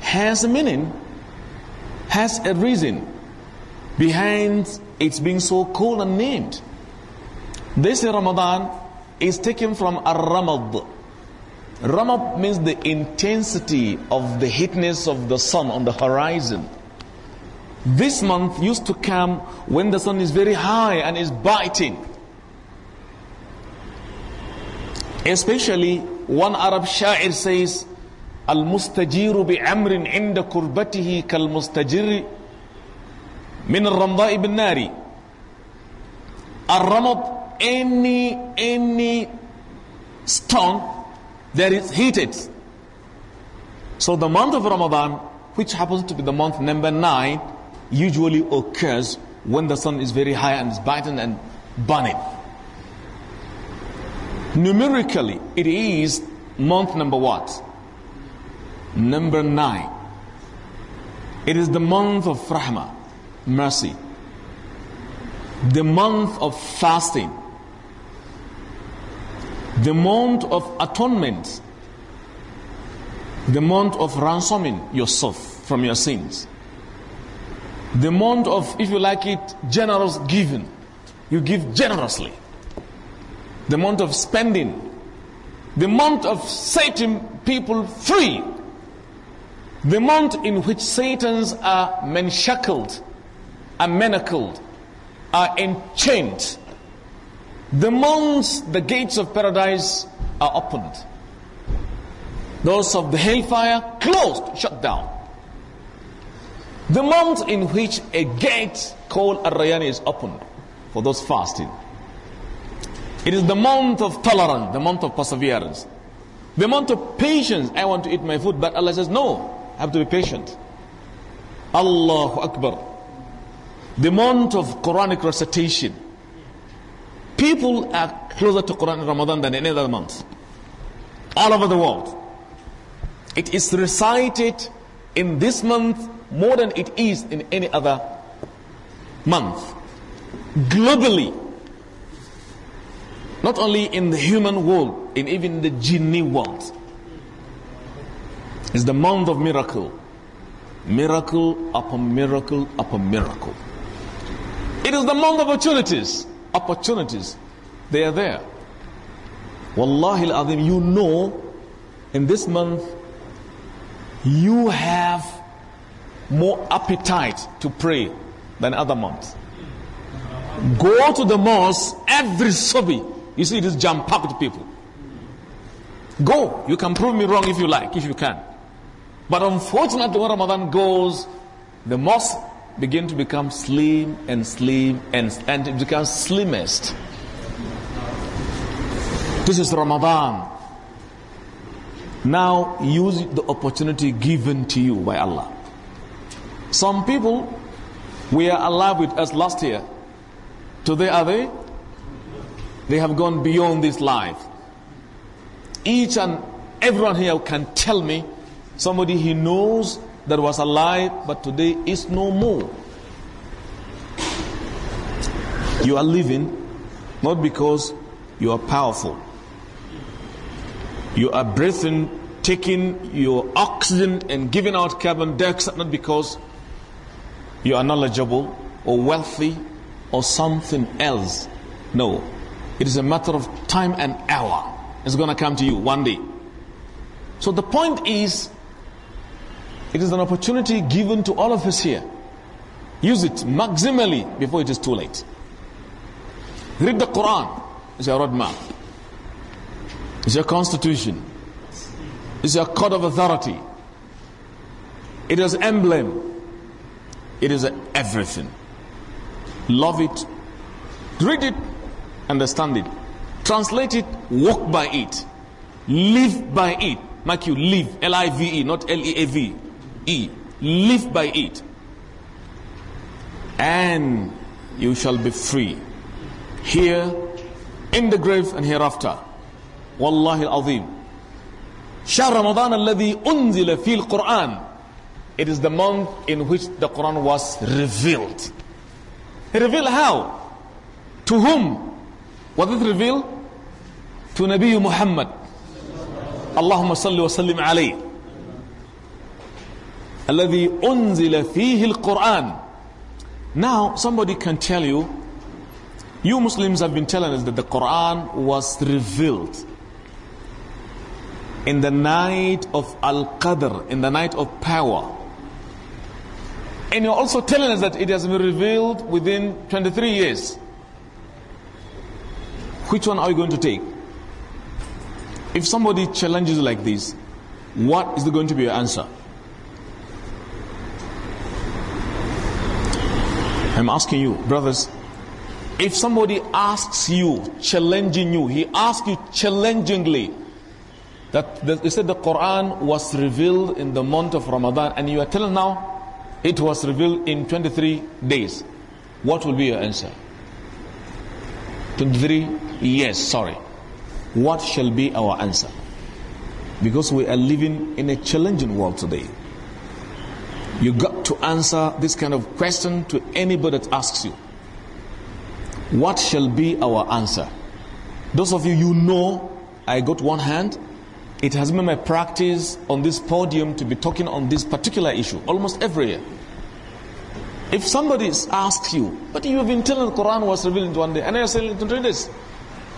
has a meaning, has a reason behind its being so called and named. This Ramadan is taken from Ar-Ramad, Ramab means the intensity of the heatness of the sun on the horizon. This month used to come when the sun is very high and is biting. Especially one Arab sha'ir says, المستجير kal Mustajiri min كالمستجر ibn Nari. بالنار الرمض any any stone there is heated. So the month of Ramadan, which happens to be the month number nine, usually occurs when the sun is very high and is biting and burning. Numerically, it is month number what? Number nine. It is the month of Rahmah, mercy. The month of fasting the month of atonement, the month of ransoming yourself from your sins, the month of, if you like it, generous giving. You give generously. The month of spending, the month of setting people free, the month in which Satans are shackled, are manacled, are enchained the month, the gates of paradise are opened, those of the hellfire closed, shut down. The month in which a gate called ar is opened for those fasting. It is the month of tolerance, the month of perseverance, the month of patience. I want to eat my food, but Allah says, No, I have to be patient. Allahu Akbar. The month of Quranic recitation. People are closer to Quran in Ramadan than any other month. All over the world. It is recited in this month more than it is in any other month. Globally. Not only in the human world, in even the genie world. It's the month of miracle. Miracle upon miracle upon miracle. It is the month of opportunities opportunities, they are there. Wallahi al you know in this month you have more appetite to pray than other months. Go to the mosque every Subi. You see, it is jam packed people. Go. You can prove me wrong if you like, if you can. But unfortunately, when Ramadan goes, the mosque begin to become slim and slim and, and it becomes slimmest. This is Ramadan. Now use the opportunity given to you by Allah. Some people were alive with us last year. Today are they? They have gone beyond this life. Each and everyone here can tell me somebody he knows that was alive but today is no more. You are living not because you are powerful. You are breathing, taking your oxygen and giving out carbon dioxide not because you are knowledgeable or wealthy or something else. No. It is a matter of time and hour. It's going to come to you one day. So the point is it is an opportunity given to all of us here. Use it maximally before it is too late. Read the Quran. It's your roadmap. It's your constitution. It's your code of authority. It is emblem. It is everything. Love it. Read it. Understand it. Translate it. Walk by it. Live by it. Mark you live. L-I-V-E, not L-E-A-V it, live by it, and you shall be free here, in the grave, and hereafter. Wallahi al-Azim. شهر رمضان الذي أنزل في It is the month in which the Quran was revealed. Revealed how? To whom? Was it revealed? To Nabi Muhammad. Allahumma salli wa sallim alayhi. الذي أنزل فيه القرآن Now somebody can tell you, you Muslims have been telling us that the Quran was revealed in the night of Al-Qadr, in the night of power. And you're also telling us that it has been revealed within 23 years. Which one are you going to take? If somebody challenges you like this, what is going to be your answer? I'm asking you, brothers, if somebody asks you, challenging you, he asks you challengingly, that the, they said the Quran was revealed in the month of Ramadan, and you are telling now it was revealed in 23 days. What will be your answer? 23 years, sorry. What shall be our answer? Because we are living in a challenging world today. You got to answer this kind of question to anybody that asks you. What shall be our answer? Those of you, you know, I got one hand. It has been my practice on this podium to be talking on this particular issue almost every year. If somebody asks you, but you have been telling the Quran was revealed one day, and I say, to do this.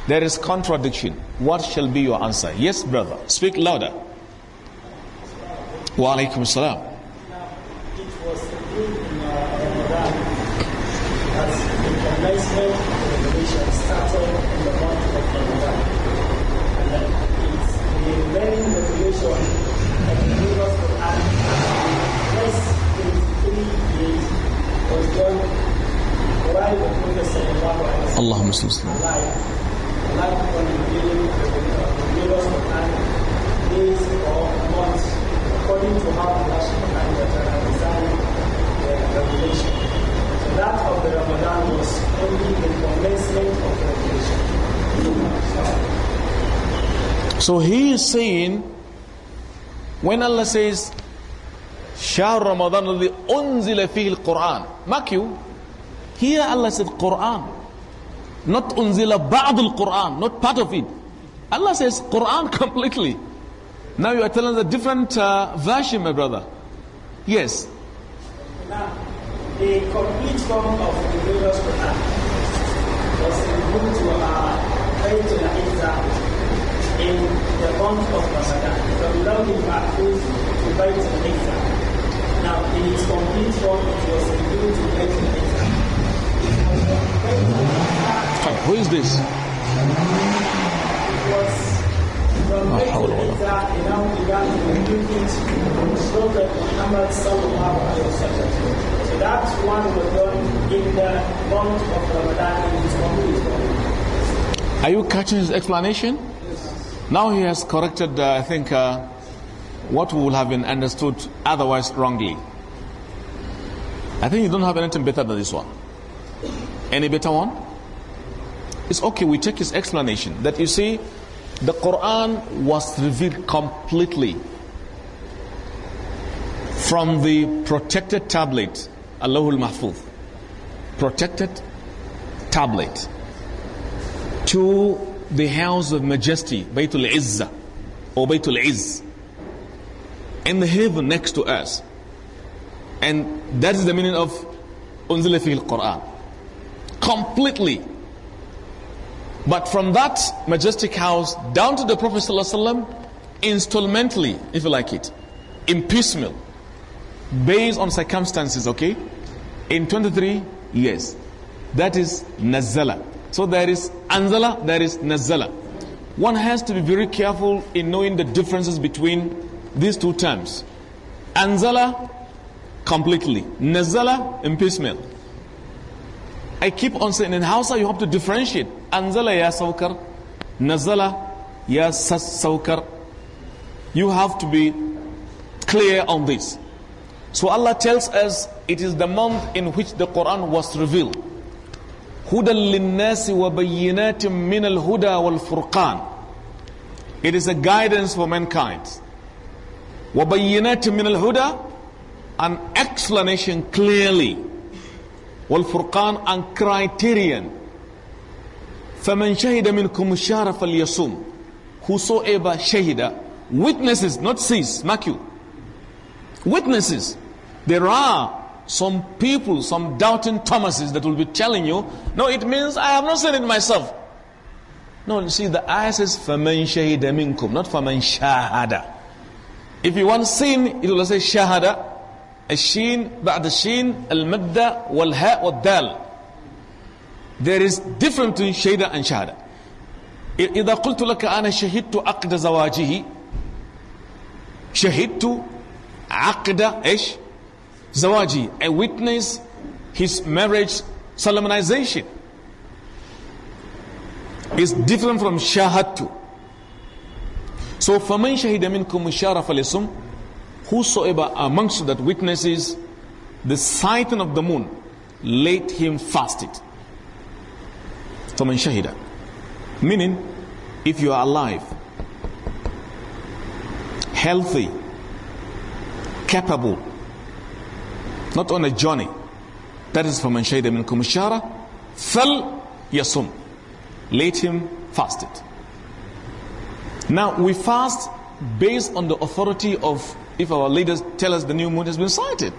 There is contradiction. What shall be your answer? Yes, brother. Speak louder. Wa alaikum salam. same revelation started in the month of Ramadan. And it's the that the believers will three was done the Prophet sallallahu Like when the believers will days or months according to how Allah subhanahu wa ta'ala designed the that of the Ramadan was only the commencement of revelation. So he is saying, when Allah says, Ramadan al الذي fihi al-Qur'an," mark you here Allah said Quran not ba'd al-Qur'an, not part of it Allah says Quran *laughs* completely now you are telling the different uh, version my brother yes now, a complete form of the glorious Quran was removed to our Baytul Izzah in the month of Ramadan, from Lawil Mahfuz to Baytul Izzah. Now, in its complete form, it was removed to Baytul Izzah. Who is this? It was لا حول ولا So one the in Are you catching his explanation? Yes. Now he has corrected, uh, I think, uh, what would have been understood otherwise wrongly. I think you don't have anything better than this one. Any better one? It's okay, we take his explanation that you see the Quran was revealed completely from the protected tablet, Allahul Mahfuz, protected tablet, to the house of majesty, Baytul Izzah, or Baytul Izz, in the heaven next to us. And that is the meaning of al Quran. Completely but from that majestic house down to the Prophet ﷺ, installmentally, if you like it, in piecemeal, based on circumstances, okay, in 23 years. That is Nazala. So there is Anzala, there is Nazala. One has to be very careful in knowing the differences between these two terms. Anzala, completely. Nazala, in piecemeal. I keep on saying in Hausa you have to differentiate. Anzala ya saukar, nazala ya saukar. You have to be clear on this. So Allah tells us it is the month in which the Quran was revealed. هدى للناس وبينات من الهدى والفرقان. It is a guidance for mankind. وبينات من الهدى, an explanation clearly والفرقان and criterion فمن شهد منكم الشهر فليصوم whosoever shahida witnesses not sees mark you witnesses there are some people some doubting thomases that will be telling you no it means i have not seen it myself no you see the ayah says faman shahida minkum not faman shahada if you want sin it will say shahada الشين بعد الشين المدة والهاء والدال there is different in شهيدة and شهادة إذا قلت لك أنا شهدت عقد زواجه شهدت عقد إيش زواجي I witness his marriage solemnization is different from شاهدت so فمن شهد منكم الشهر فليصم whosoever amongst you that witnesses the sighting of the moon, let him fast it. فَمَنْ شَهِدَ Meaning, if you are alive, healthy, capable, not on a journey, that is فَمَنْ min مِنْكُمْ Fell yasum, Let him fast it. Now, we fast based on the authority of if our leaders tell us the new moon has been sighted.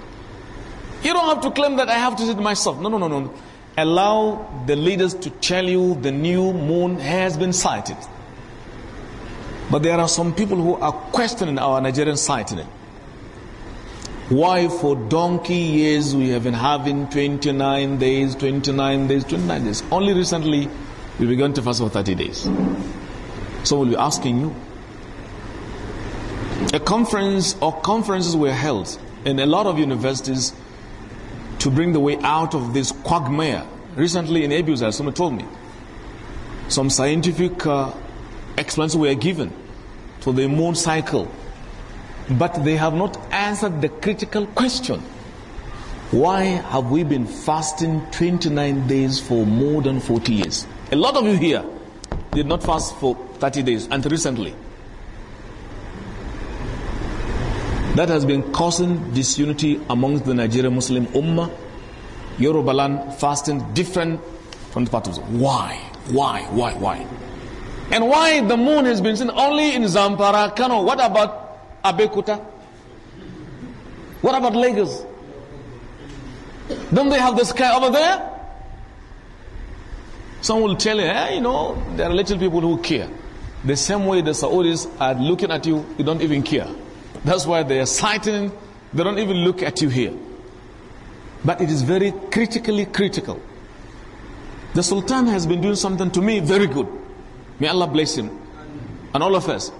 You don't have to claim that I have to see it myself. No, no, no, no. Allow the leaders to tell you the new moon has been sighted. But there are some people who are questioning our Nigerian sighting. Why for donkey years we have been having 29 days, 29 days, 29 days. Only recently we began to fast for 30 days. So we'll be asking you, a conference or conferences were held in a lot of universities to bring the way out of this quagmire. Recently in Abuja, someone told me some scientific uh, explanations were given to the moon cycle, but they have not answered the critical question. Why have we been fasting 29 days for more than 40 years? A lot of you here did not fast for 30 days until recently. that has been causing disunity amongst the Nigerian Muslim Ummah, Yorubaland fasting different from the part of Why? Why? Why? Why? And why the moon has been seen only in Zampara, Kano? What about Abekuta? What about Lagos? Don't they have the sky over there? Some will tell you, eh, you know, there are little people who care. The same way the Saudis are looking at you, you don't even care. That's why they are citing, they don't even look at you here. But it is very critically critical. The Sultan has been doing something to me very good. May Allah bless him and all of us.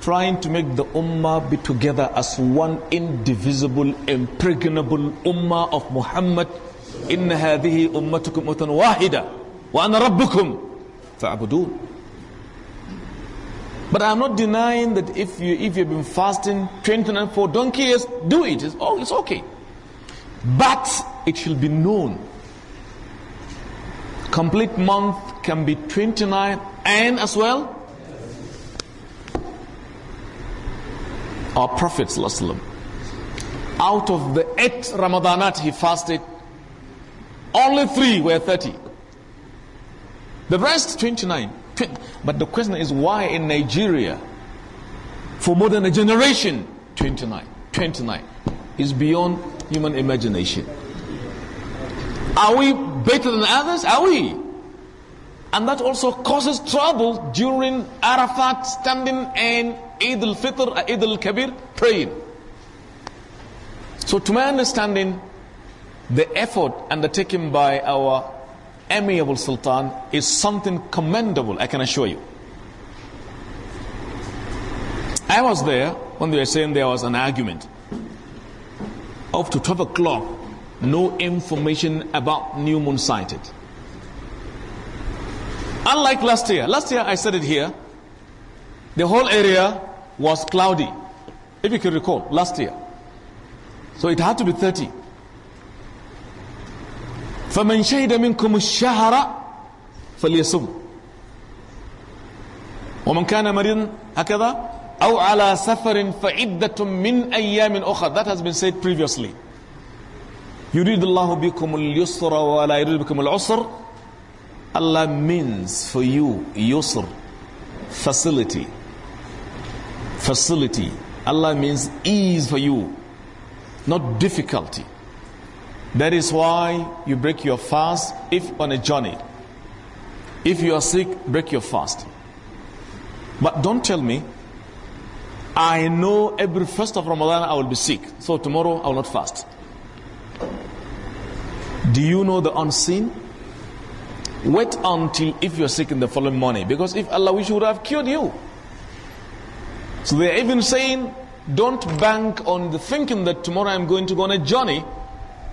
Trying to make the Ummah be together as one indivisible, impregnable Ummah of Muhammad. إن هذه أمتكم أمة واحدة وأنا ربكم فعبدون. But I'm not denying that if you if you've been fasting 29 for donkey years, do it. It's, oh, it's okay. But it should be known. Complete month can be 29 and as well. Our Prophet out of the eight Ramadanat he fasted, only three were 30. The rest 29. But the question is why in Nigeria, for more than a generation, 29, 29 is beyond human imagination. Are we better than others? Are we? And that also causes trouble during Arafat standing and Eid al-Fitr, uh, Eid al-Kabir praying. So to my understanding, the effort undertaken by our amiable sultan is something commendable, I can assure you. I was there when they were saying there was an argument. Up to 12 o'clock, no information about new moon sighted. Unlike last year, last year I said it here, the whole area was cloudy. If you can recall, last year. So it had to be 30. فمن شهد منكم الشهر فليصم ومن كان مريضا هكذا أو على سفر فعدة من أيام أخرى that has been said previously يريد الله بكم اليسر ولا يريد بكم العسر Allah means for you يسر facility facility Allah means ease for you not difficulty That is why you break your fast if on a journey. If you are sick, break your fast. But don't tell me, I know every first of Ramadan I will be sick, so tomorrow I will not fast. Do you know the unseen? Wait until if you're sick in the following morning, because if Allah wish, would have cured you. So they're even saying, don't bank on the thinking that tomorrow I'm going to go on a journey.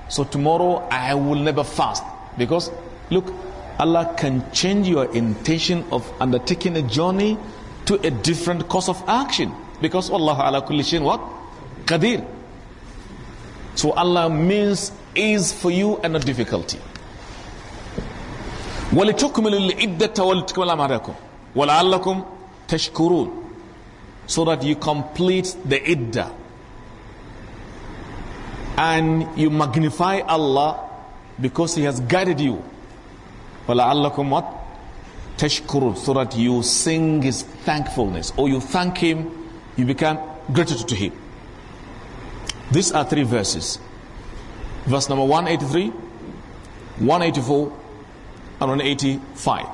So tomorrow I will never fast. Because look, Allah can change your intention of undertaking a journey to a different course of action. Because Allah ala kulli shayin what? Qadir. So Allah means ease for you and not difficulty. وَلِتُكْمِلُوا الْعِدَّةَ وَلِتُكْمِلَ مَعْدَكُمْ وَلَعَلَّكُمْ تَشْكُرُونَ So that you complete the iddah and you magnify Allah because He has guided you. وَلَعَلَّكُمْ what? Tashkurun, so that you sing His thankfulness or you thank Him, you become grateful to Him. These are three verses. Verse number 183, 184, and 185.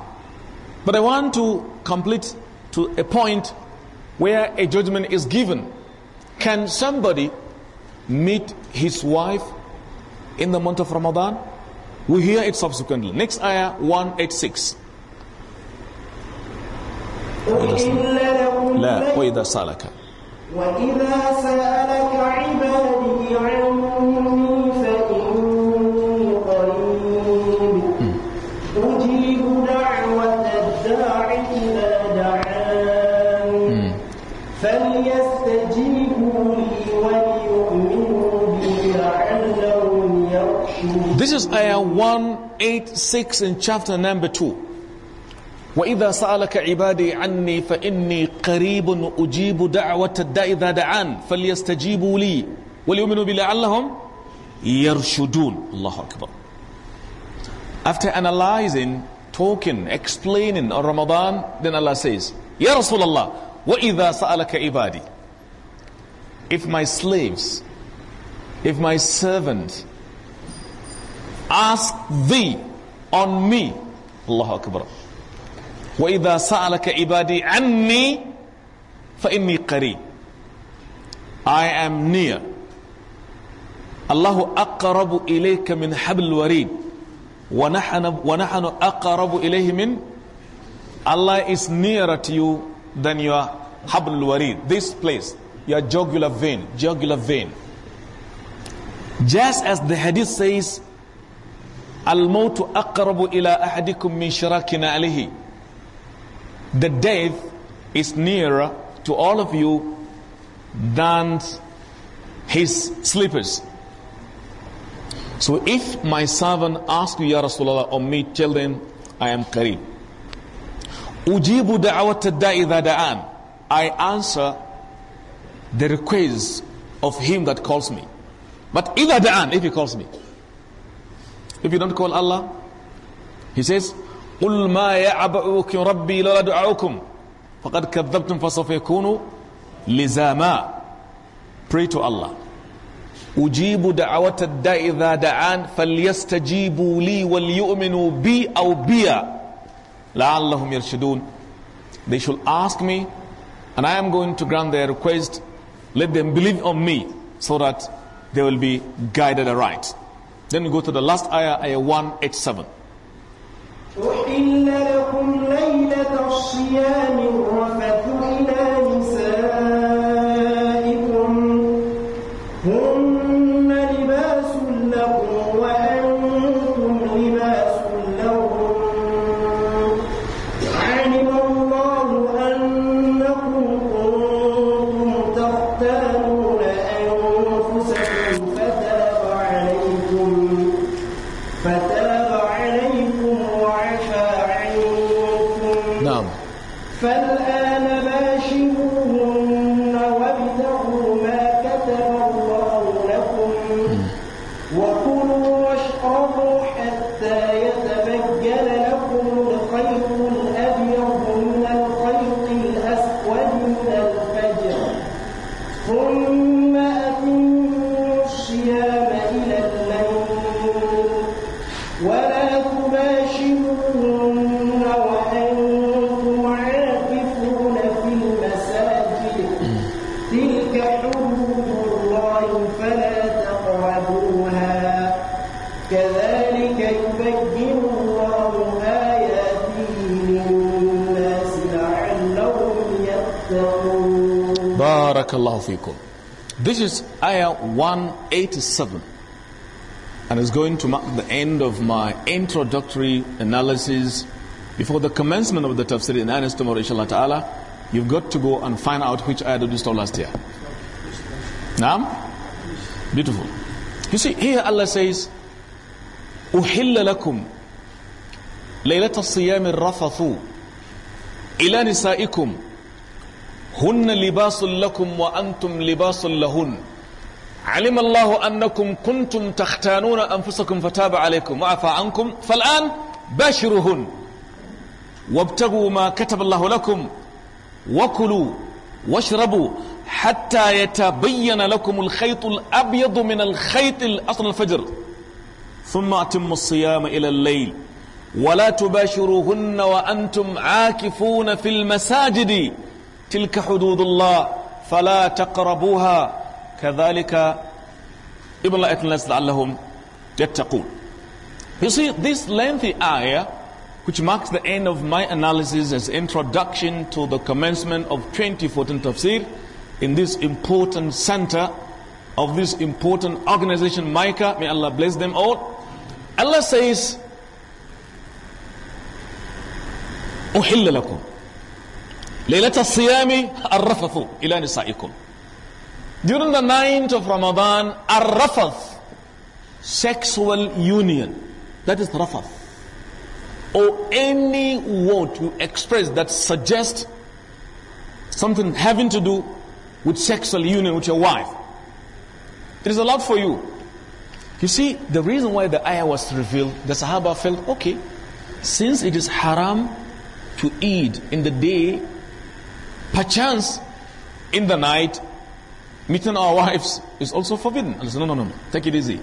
But I want to complete to a point where a judgment is given. Can somebody meet his wife in the month of Ramadan? We hear it subsequently. Next ayah 186. لا وإذا سألك وإذا سألك عبادي عني This is ayah 186 in chapter number 2. وإذا سألك عبادي عني فإني قريب أجيب دعوة الداء إذا دعان فليستجيبوا لي وليؤمنوا بي لعلهم يرشدون الله أكبر After analyzing, talking, explaining on Ramadan, then Allah says, Ya Rasulullah, وإذا سألك عبادي If my slaves, if my servants, Ask thee on me. Allahu Akbar. وَإِذَا سَأَلَكَ عِبَادِي عَنِّي فَإِنِّي قَرِيبٌ I am near. الله أقرب إليك من حبل الوريد ونحن, ونحن أقرب إليه من Allah is nearer to you than your حبل الوريد this place your jugular vein jugular vein just as the hadith says Al-mautu aqrabu ila ahadikum min shirakina alihi. The death is nearer to all of you than his sleepers. So if my servant asks you, Ya Rasulullah, or me, tell them, I am Kareem. Ujibu da'awata da'idha da'an. I answer the request of him that calls me. But إذا da'an, if he calls me. if you don't call Allah? He says, قُلْ مَا يَعْبَعُكُمْ رَبِّي لَوْلَا دُعَاؤُكُمْ فَقَدْ كَذَّبْتُمْ فَسَوْفَ يَكُونُ لِزَامًا Pray to Allah. أجيب دعوة الداء إذا دعان فليستجيبوا لي وليؤمنوا بي أو بيا لعلهم يرشدون They should ask me and I am going to grant their request. Let them believe on me so that they will be guided aright. Then we go to the last ayah, ayah 187. Barakallahu fikum. This is ayah 187. And it's going to mark the end of my introductory analysis before the commencement of the tafsir in earnest tomorrow, inshallah ta'ala. You've got to go and find out which ayah did you stop last year. Now, Beautiful. You see, here Allah says, أُحِلَّ لَكُمْ لَيْلَةَ الصِّيَامِ الرَّفَثُ إِلَى نِسَائِكُمْ هن لباس لكم وأنتم لباس لهن علم الله أنكم كنتم تختانون أنفسكم فتاب عليكم وعفى عنكم فالآن باشرهن وابتغوا ما كتب الله لكم وكلوا واشربوا حتى يتبين لكم الخيط الأبيض من الخيط الأصل الفجر ثم أتموا الصيام إلى الليل ولا تباشروهن وأنتم عاكفون في المساجد تلك حدود الله فلا تقربوها كذلك even like unless لعلهم يتقون You see, this lengthy ayah, which marks the end of my analysis as introduction to the commencement of 2014 tafsir in this important center of this important organization, Micah, may Allah bless them all. Allah says, أحل لكم ليلة الصيام الرفث إلى نسائكم During the night of Ramadan, الرفث sexual union. That is rafath. Or any word you express that suggests something having to do with sexual union with your wife. It is allowed for you. You see, the reason why the ayah was revealed, the Sahaba felt, okay, since it is haram to eat in the day Perchance in the night, meeting our wives is also forbidden. And said, no, no, no, no, take it easy.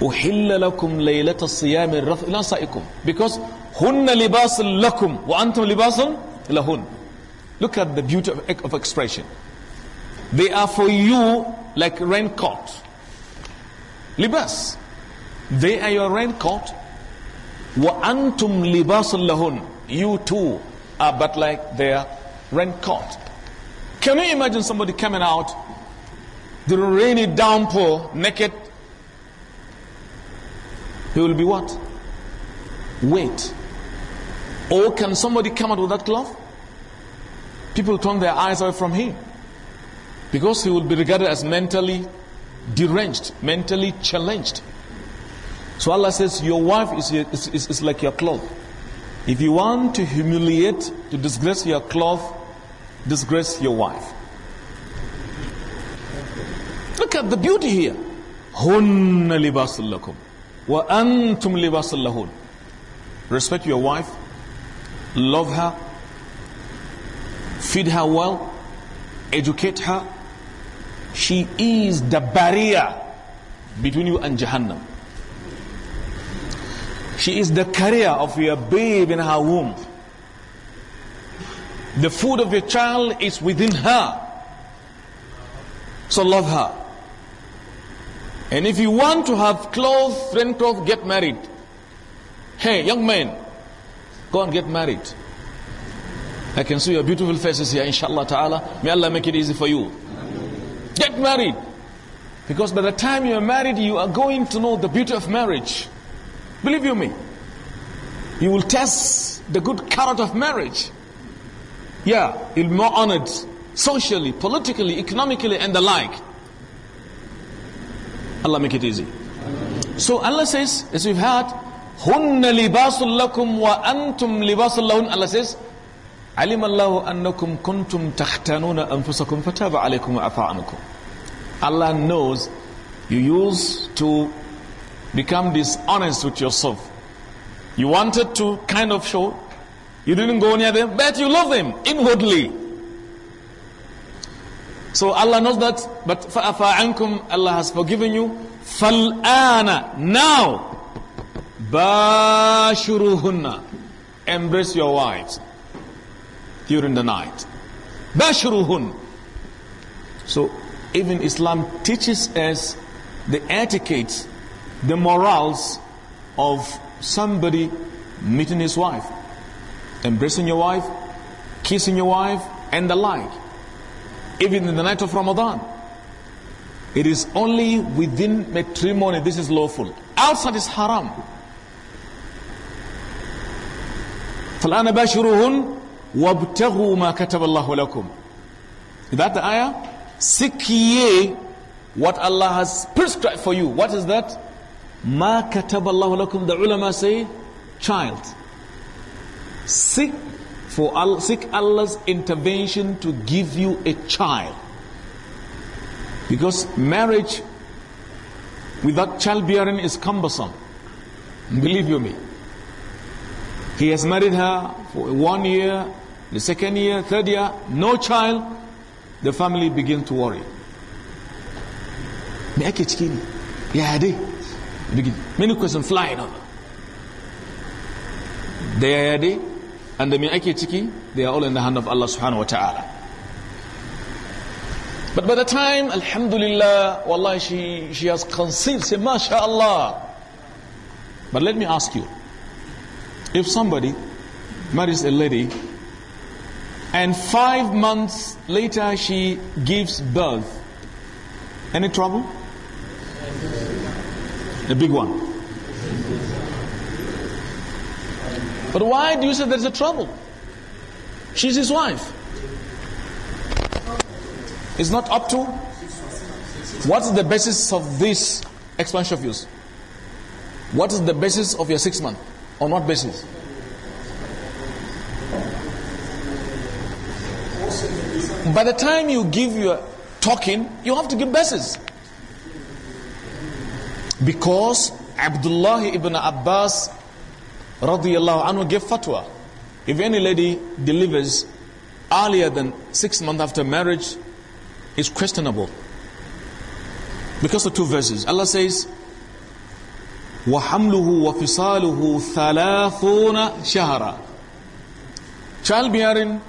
أحل لكم ليلة الصيام الرفث إلى نسائكم because هن لباس لكم وأنتم لباس لهن look at the beauty of, of expression they are for you like raincoat libas they are your raincoat وأنتم لباس لهن you too are but like their Rent raincoat. Can you imagine somebody coming out, the rainy downpour, naked? He will be what? Wait. Or can somebody come out with that cloth? People turn their eyes away from him because he will be regarded as mentally deranged, mentally challenged. So Allah says, Your wife is, is, is, is like your cloth. If you want to humiliate, to disgrace your cloth, disgrace your wife. Look at the beauty here. هن لباس لكم وأنتم لباس لهن. Respect your wife, love her, feed her well, educate her. She is the barrier between you and Jahannam. She is the carrier of your babe in her womb. The food of your child is within her. So love her. And if you want to have clothes, friend clothes, get married. Hey, young man, go and get married. I can see your beautiful faces here, inshallah ta'ala. May Allah make it easy for you. Get married. Because by the time you are married, you are going to know the beauty of marriage. Believe you me. You will test the good character of marriage. Yeah, you'll be more honored socially, politically, economically, and the like. Allah make it easy. So Allah says, as we've heard, هن لباس لكم وأنتم لباس لهن Allah says علم الله أنكم كنتم تختانون أنفسكم فتاب عليكم وعفى عنكم Allah knows you used to become dishonest with yourself. You wanted to kind of show, you didn't go near them, but you love them inwardly. So Allah knows that, but ankum, Allah has forgiven you. فَالْآنَ Now, بَاشُرُهُنَّ Embrace your wives during the night. بَاشُرُهُنَّ So, even Islam teaches us the etiquette the morals of somebody meeting his wife, embracing your wife, kissing your wife, and the like, even in the night of Ramadan. It is only within matrimony this is lawful. Outside is haram. فالآن باشروهن وابتغوا ما كتب الله لكم. Is that the ayah? Seek ye what Allah has prescribed for you. What is that? Ma kataba Allah lakum, the ulama say, child. Seek for Allah, seek Allah's intervention to give you a child. Because marriage without childbearing is cumbersome. Believe you me. He has married her for one year, the second year, third year, no child. The family begin to worry. Me ake ciki ne? Ya dai? many questions flying up they are ready, and the ake chiki they are all in the hand of Allah subhanahu wa ta'ala but by the time alhamdulillah Allah, she, she has conceived say MashaAllah. but let me ask you if somebody marries a lady and five months later she gives birth any trouble the big one. But why do you say there's a trouble? She's his wife. It's not up to. What's the basis of this expansion of yours? What is the basis of your six month? On what basis? By the time you give your talking, you have to give basis. Because Abdullah ibn Abbas radiallahu anhu gave fatwa. If any lady delivers earlier than six months after marriage, it's questionable. Because of two verses. Allah says, وَحَمْلُهُ وَفِصَالُهُ ثَلَاثُونَ شَهَرًا Childbearing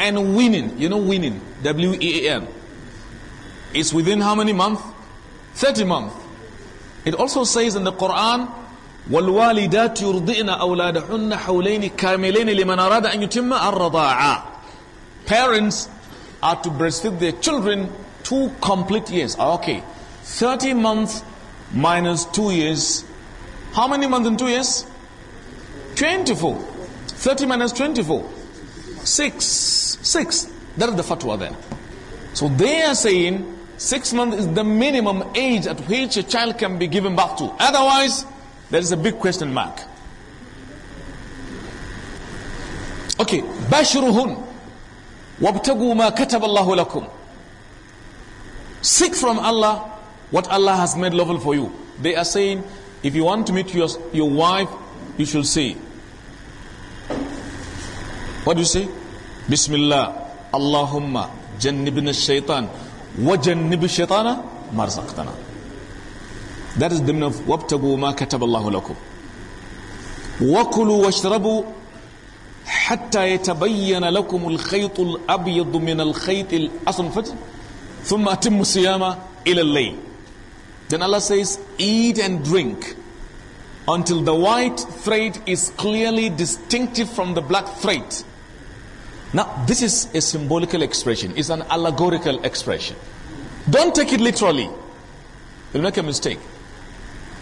and winning, you know winning, W-E-A-N, is within how many months? 30 months. It also says in the Quran, وَالْوَالِدَاتِ يُرْضِئْنَ أَوْلَادَهُنَّ حَوْلَيْنِ كَامِلَيْنِ لِمَنْ أَرَادَ أَنْ يُتِمَّ الرَّضَاعَةَ. Parents are to breastfeed their children two complete years. Ah, okay, 30 months minus 2 years. How many months in 2 years? 24. 30 minus 24. 6. 6. That is the fatwa there. So they are saying Six months is the minimum age at which a child can be given birth to. Otherwise, there is a big question mark. Okay, bashiruhun وابتقوا ما كتب الله لكم. Seek from Allah what Allah has made lawful for you. They are saying, if you want to meet your, your wife, you should say, what do you say? Bismillah, Allahumma, jannibna shaitan. وجنب الشيطان ما رزقتنا That is the meaning of وابتغوا ما كتب الله لكم وكلوا واشربوا حتى يتبين لكم الخيط الأبيض من الخيط الأصل ثم أتموا الصيام إلى الليل Then Allah says, eat and drink until the white thread is clearly distinctive from the black thread. Now, this is a symbolical expression, it's an allegorical expression. Don't take it literally, you'll make a mistake.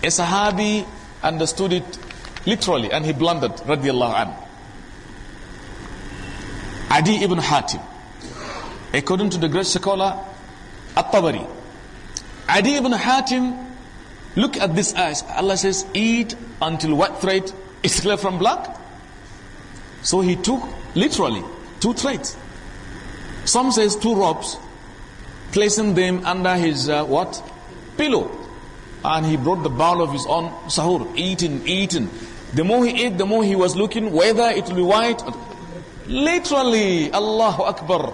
A Sahabi understood it literally and he blundered, radiallahu anhu. Adi ibn Hatim, according to the great scholar At-Tabari, Adi ibn Hatim, look at this eyes. Allah says, eat until white thread is clear from black. So he took literally Two trays. Some says two ropes, placing them under his uh, what? Pillow. And he brought the bowl of his own sahur, eating, eating. The more he ate, the more he was looking whether it will be white. Literally, Allahu Akbar.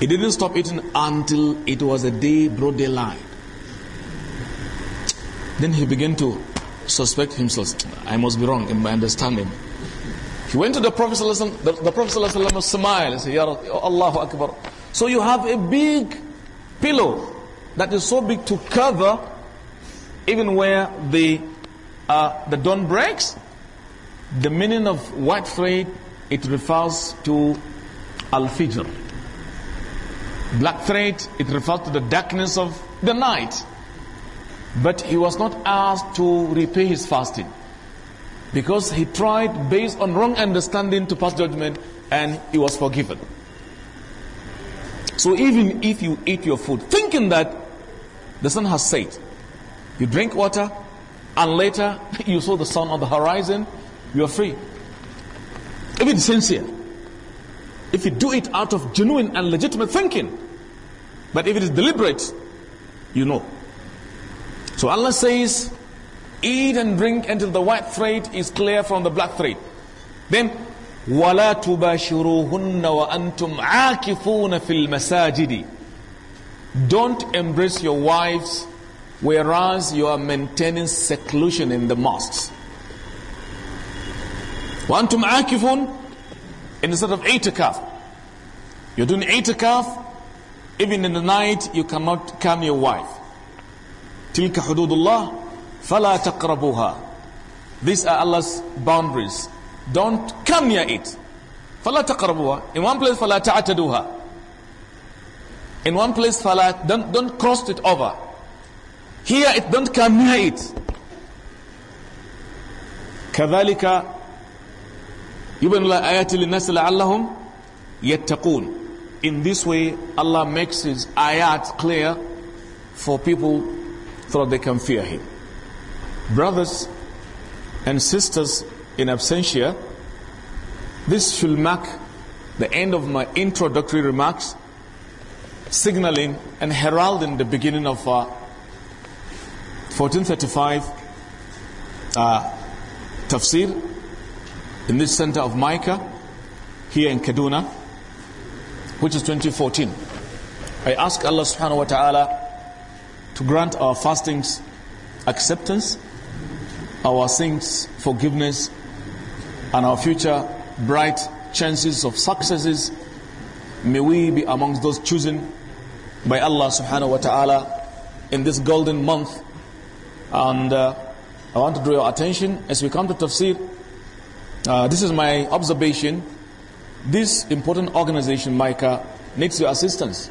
He didn't stop eating until it was a day, broad daylight. Then he began to suspect himself. I must be wrong in my understanding. He went to the Prophet ﷺ, the, the Prophet ﷺ smiled and said, Ya Allahu Akbar. So you have a big pillow that is so big to cover even where the, uh, the dawn breaks. The meaning of white thread, it refers to Al-Fijr. Black thread, it refers to the darkness of the night. But he was not asked to repay his fasting because he tried based on wrong understanding to pass judgment and he was forgiven. So even if you eat your food thinking that the sun has set, you drink water and later *laughs* you saw the sun on the horizon, you are free. If it's sincere, if you do it out of genuine and legitimate thinking, but if it is deliberate, you know. So Allah says, Eat and drink until the white thread is clear from the black thread. Then, وَلَا تُبَاشِرُوهُنَّ وَأَنْتُمْ عَاكِفُونَ فِي الْمَسَاجِدِ Don't embrace your wives whereas you are maintaining seclusion in the mosques. وَأَنْتُمْ عَاكِفُونَ Instead of itikaf, you're doing itikaf, even in the night you cannot come your wife. تِلْكَ حُدُودُ اللَّهِ فَلَا تَقْرَبُوهَا These are Allah's boundaries. Don't come near it. فَلَا تَقْرَبُوهَا In one place, فَلَا تَعْتَدُوهَا In one place, فَلَا don't, don't cross it over. Here it, don't come near it. كذلك يبن الله آيات للناس لعلهم يتقون In this way, Allah makes His ayat clear for people so that they can fear Him. brothers and sisters in absentia, this should mark the end of my introductory remarks, signaling and heralding the beginning of uh, 1435 uh, tafsir in this center of Micah here in Kaduna, which is 2014. I ask Allah subhanahu wa ta'ala to grant our fastings acceptance our sins, forgiveness, and our future bright chances of successes. May we be amongst those chosen by Allah subhanahu wa ta'ala in this golden month. And uh, I want to draw your attention as we come to tafsir. Uh, this is my observation. This important organization, Micah, needs your assistance.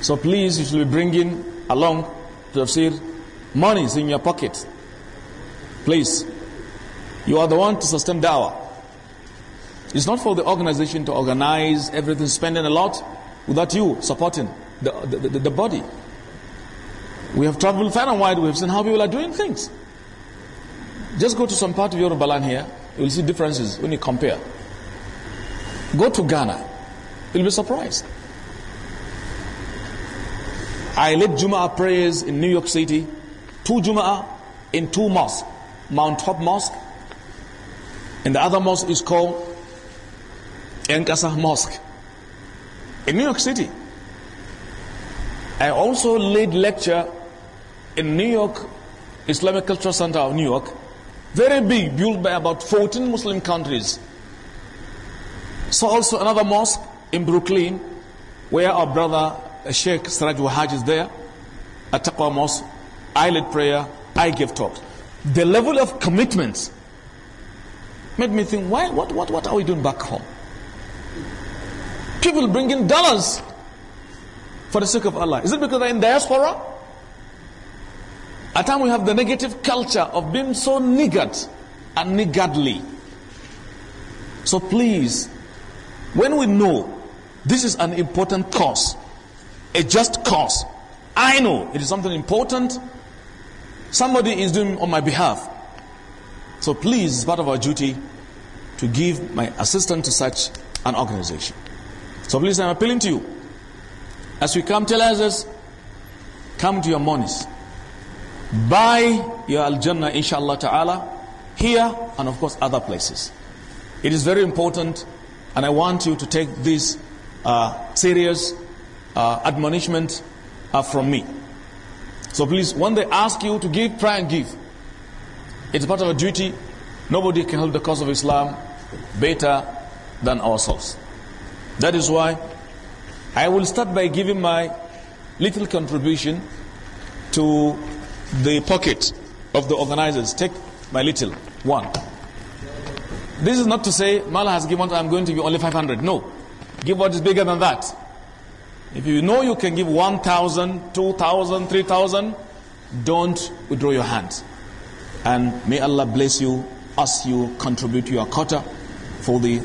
So please, you should be bringing along tafsir money in your pocket. Please, you are the one to sustain da'wah. It's not for the organization to organize everything, spending a lot without you supporting the, the, the, the body. We have traveled far and wide, we have seen how people are doing things. Just go to some part of Yoruba Balan here, you will see differences when you compare. Go to Ghana, you'll be surprised. I led Juma prayers in New York City, two Juma in two mosques. Mount Hope Mosque, and the other mosque is called Enkasa Mosque in New York City. I also lead lecture in New York Islamic Cultural Center of New York, very big, built by about 14 Muslim countries. So also another mosque in Brooklyn, where our brother uh, Sheikh Siraj Wahaj is there, at Taqwa Mosque, I lead prayer, I give talks. The level of commitment made me think, why, what, what, what are we doing back home? People bringing dollars for the sake of Allah. Is it because they're in diaspora? At times we have the negative culture of being so niggard and niggardly. So please, when we know this is an important cause, a just cause, I know it is something important, Somebody is doing on my behalf. So please, it's part of our duty to give my assistance to such an organization. So please, I'm appealing to you. As we come, tell us, come to your monies. Buy your Al-Jannah, inshallah ta'ala, here and of course other places. It is very important and I want you to take this uh, serious uh, admonishment uh, from me. So please, when they ask you to give, try and give. It's part of a duty. Nobody can help the cause of Islam better than ourselves. That is why I will start by giving my little contribution to the pocket of the organizers. Take my little one. This is not to say Mala has given what I'm going to give only 500. No. Give what is bigger than that. If you know you can give 1,000, 2,000, 3,000, don't withdraw your hand. And may Allah bless you as you contribute your quota for the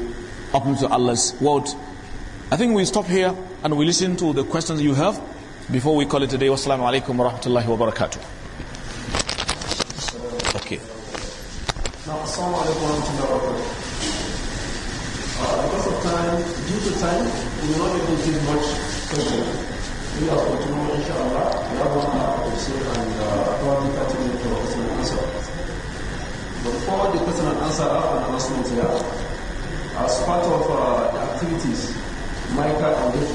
open to Allah's word. I think we stop here and we listen to the questions you have before we call it today. Wassalamu alaikum wa rahmatullahi wa barakatuh. Okay. Now, assalamu alaikum wa rahmatullahi uh, because of time, due to time, we will not be able to give much we are inshallah. to uh, and answer. Before the question and answer, I have here. As part of uh, the activities, Micah and this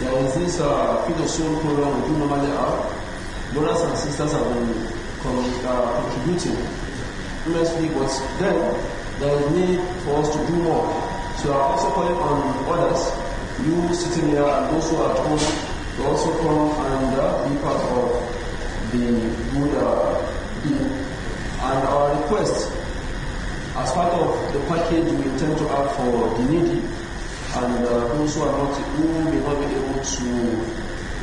there is this uh, Feed program we do Brothers and sisters have been uh, contributing immensely, but then there is need for us to do more. So i also call on others you sitting here and those who are at home to also come and uh, be part of the Buddha being. And our request, as part of the package we intend to have for the needy and uh, those who are not, who may not be able to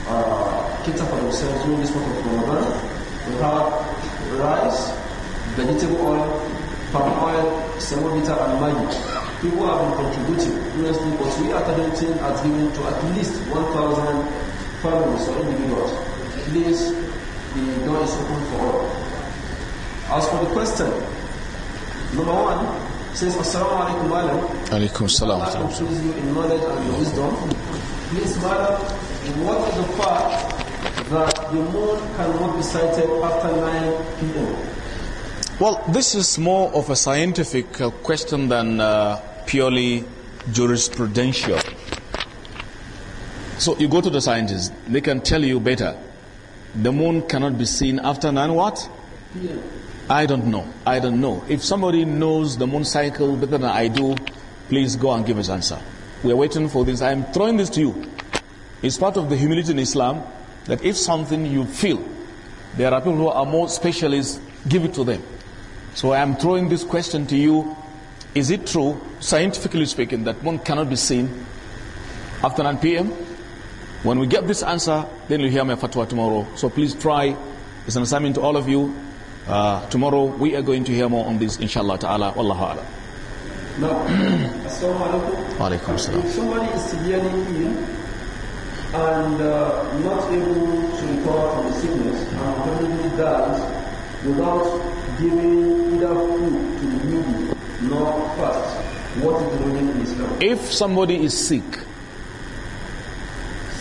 uh, cater for themselves during this month of Ramadan. We have rice, vegetable oil, palm oil, semovita, and magic people have been contributing fluently, but we are targeting at giving to at least 1,000 families or individuals. Please, the door is open for all. As for the question, number one says, Assalamu alaikum alam. Alaikum salam. I increase you in knowledge and your wisdom. Please, madam, what is the fact that the moon cannot be sighted after 9 p.m.? Well, this is more of a scientific uh, question than uh, purely jurisprudential. So you go to the scientists, they can tell you better. The moon cannot be seen after nine what? Yeah. I don't know. I don't know. If somebody knows the moon cycle better than I do, please go and give us answer. We are waiting for this. I am throwing this to you. It's part of the humility in Islam that if something you feel, there are people who are more specialists, give it to them. So I am throwing this question to you is it true, scientifically speaking, that one cannot be seen after 9 p.m.? When we get this answer, then you'll hear my fatwa tomorrow. So please try. It's an assignment to all of you. Uh, tomorrow we are going to hear more on this, inshallah ta'ala. Wallahu ala. Now, *clears throat* alaikum. If somebody is severely ill and uh, not able to recover from the sickness and he dies without giving either food to the needy nor fast. What is the in Islam? If somebody is sick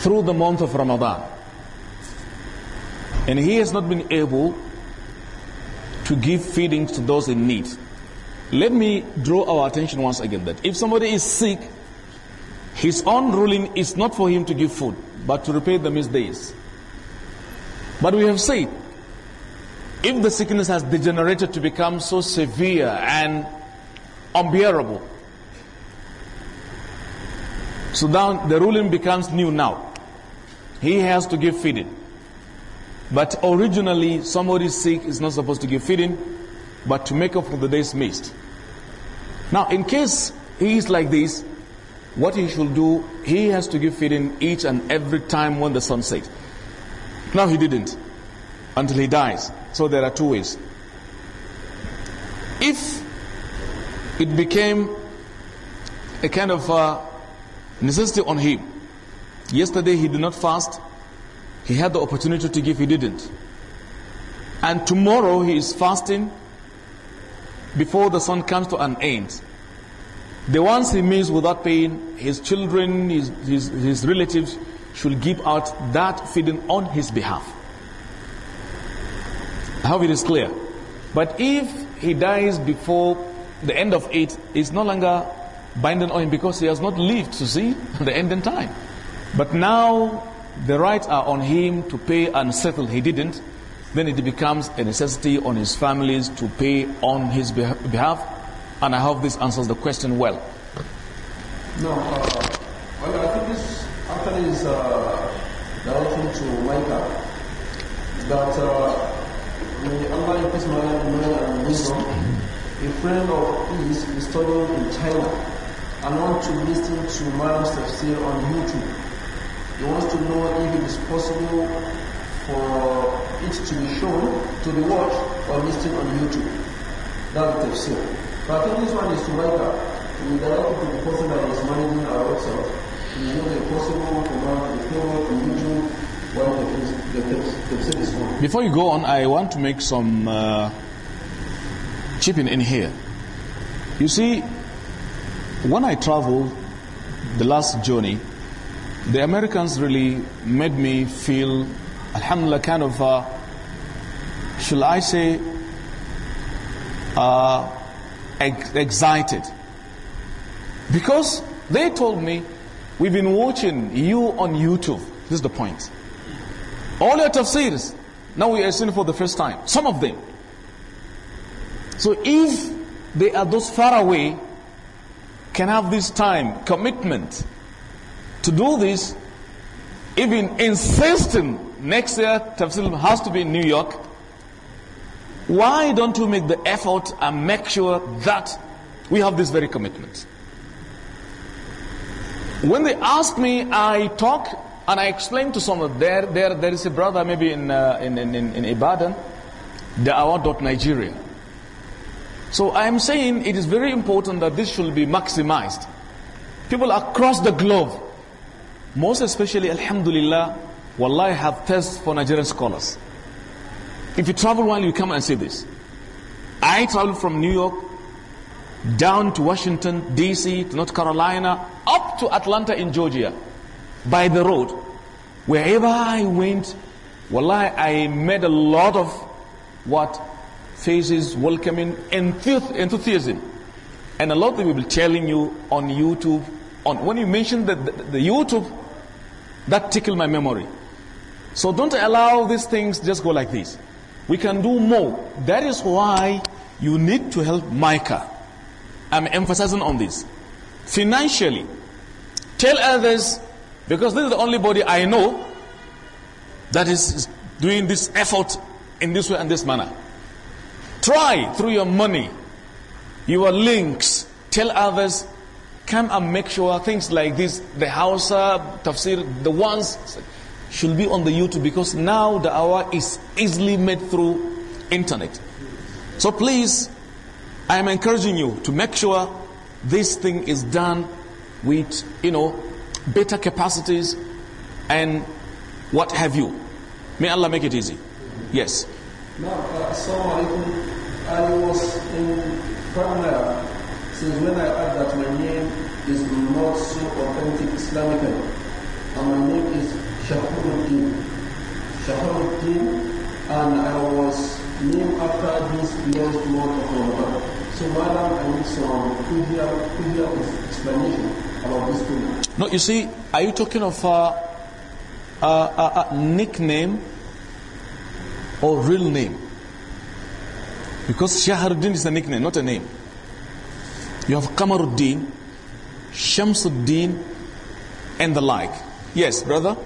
through the month of Ramadan and he has not been able to give feeding to those in need, let me draw our attention once again that if somebody is sick, his own ruling is not for him to give food, but to repay the missed days. But we have said, if the sickness has degenerated to become so severe and unbearable. So now the ruling becomes new now. He has to give feeding. But originally, somebody sick is not supposed to give feeding, but to make up for the day's missed. Now, in case he is like this, what he should do, he has to give feeding each and every time when the sun sets. Now he didn't until he dies. So there are two ways. If it became a kind of uh, necessity on him. Yesterday he did not fast. He had the opportunity to give, he didn't. And tomorrow he is fasting before the sun comes to an end. The ones he meets without paying, his children, his, his, his relatives, should give out that feeding on his behalf. I hope it is clear. But if he dies before the end of it is no longer binding on him because he has not lived to see *laughs* the ending time. But now the rights are on him to pay and settle. He didn't. Then it becomes a necessity on his families to pay on his behalf. And I hope this answers the question well. No, uh, well, I think this actually is uh, directly to Micah that uh, may Allah increase my learning and wisdom. A friend of his is studying in China and wants to listen to Malam Tafsir on YouTube. He wants to know if it is possible for it to be shown, to be watched or listed on YouTube. That's Tafsir. But I think this one is to write up. To be directed to the person that is managing our website. To know the possible, to run the YouTube, one the the Tafsir is one. Before you go on, I want to make some... Uh chipping in here. You see, when I traveled the last journey, the Americans really made me feel, alhamdulillah, kind of, uh, shall I say, uh, ex excited. Because they told me, we've been watching you on YouTube. This is the point. All your tafsirs, now we are seeing for the first time. Some of them. So if they are those far away, can have this time, commitment to do this, even insisting next year Tafsir has to be in New York, why don't you make the effort and make sure that we have this very commitment? When they ask me, I talk and I explain to someone there, there, there is a brother maybe in, uh, in, in, in, in Ibadan, da'awah.nigeria. So I am saying it is very important that this should be maximized. People across the globe, most especially, alhamdulillah, wallahi have tests for Nigerian scholars. If you travel while you come and see this. I travel from New York down to Washington, D.C., to North Carolina, up to Atlanta in Georgia by the road. Wherever I went, wallahi, I made a lot of what faces welcoming enthusiasm. And a lot of people telling you on YouTube, on when you mention the, the, the YouTube, that tickle my memory. So don't allow these things just go like this. We can do more. That is why you need to help Micah. I'm emphasizing on this. Financially, tell others because this is the only body I know that is doing this effort in this way and this manner. Try through your money, your links, tell others, come and make sure things like this, the Hausa, Tafsir, the ones should be on the YouTube because now the hour is easily made through internet. So please, I am encouraging you to make sure this thing is done with, you know, better capacities and what have you. May Allah make it easy. Yes. Assalamu alaikum. I was in prayer since when I heard that my name is not so authentic Islamically and my name is Shahuruddin. Shahuruddin and I was named after this blessed month of Ramadan. So madam, I need some clear, clear explanation about this thing. No, you see, are you talking of a, a, a, a nickname or real name. Because Shaharuddin is a nickname, not a name. You have Kamaruddin, Shamsuddin, and the like. Yes, brother?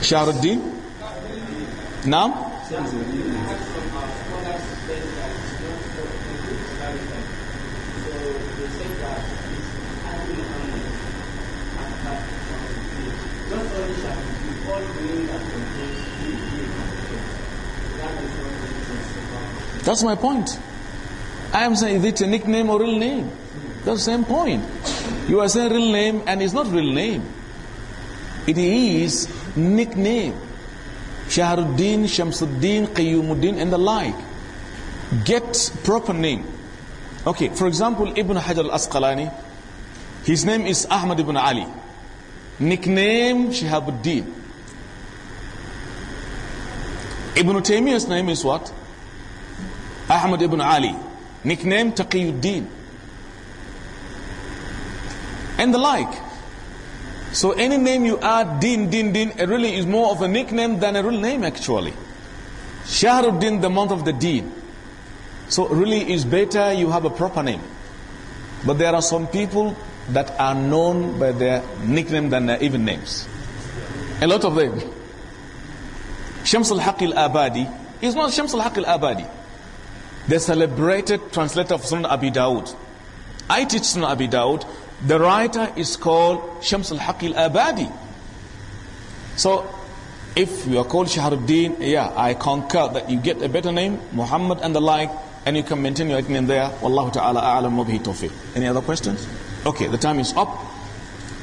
Shaharuddin? Now? That's my point. I am saying, is it a nickname or real name? That's the same point. You are saying real name, and it's not real name. It is nickname. Shaharuddin, Shamsuddin, Qayyumuddin, and the like. Get proper name. Okay, for example, Ibn Hajar al-Asqalani, his name is Ahmad ibn Ali. Nickname Shihabuddin. Ibn Taymiyyah's name is what? Ahmad ibn Ali, nicknamed Taqiyuddin, and the like. So any name you add, Din, Din, Din, it really is more of a nickname than a real name actually. Shahruddin, the month of the Deen. So really is better you have a proper name. But there are some people that are known by their nickname than their even names. A lot of them. Shams al-Haq al-Abadi is not Shams al-Haq al-Abadi the celebrated translator of Sunan Abi Dawud. I teach Sunan Abi Dawud. The writer is called Shams al Haqil Abadi. So, if you are called Shaharuddin, yeah, I concur that you get a better name, Muhammad and the like, and you can maintain your name there. Wallahu ta'ala a'lam wa bihi tawfiq. Any other questions? Okay, the time is up.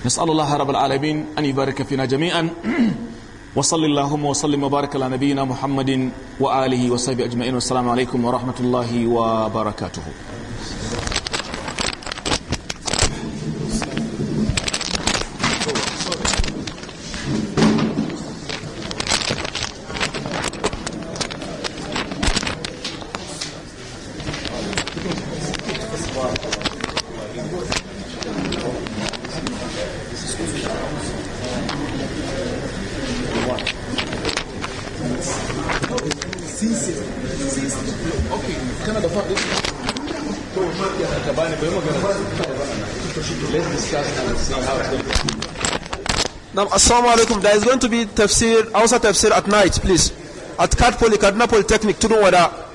نسأل الله رب العالمين أن يبارك فينا جميعا وصل اللهم وسلم وبارك على نبينا محمد وآله وصحبه أجمعين والسلام عليكم ورحمة الله وبركاته Assalamu alaikum. There is going to be tafsir, say tafsir at night, please. At Katpoli, Kaduna Polytechnic, Tudun Wada.